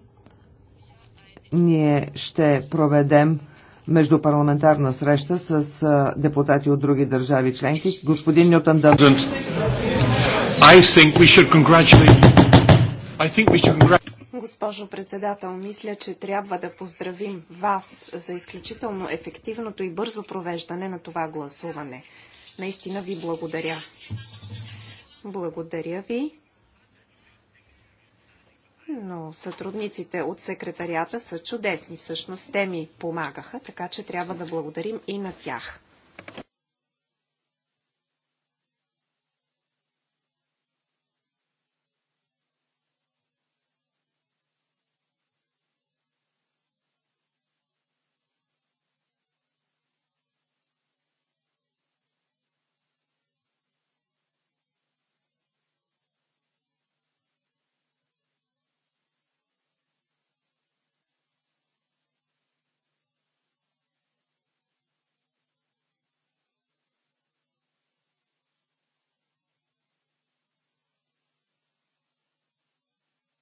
ние ще проведем междупарламентарна среща с депутати от други държави членки. Господин Нютон Госпожо председател, мисля, че трябва да поздравим вас за изключително ефективното и бързо провеждане на това гласуване. Наистина ви благодаря. Благодаря ви. Но сътрудниците от секретарията са чудесни. Всъщност те ми помагаха, така че трябва да благодарим и на тях.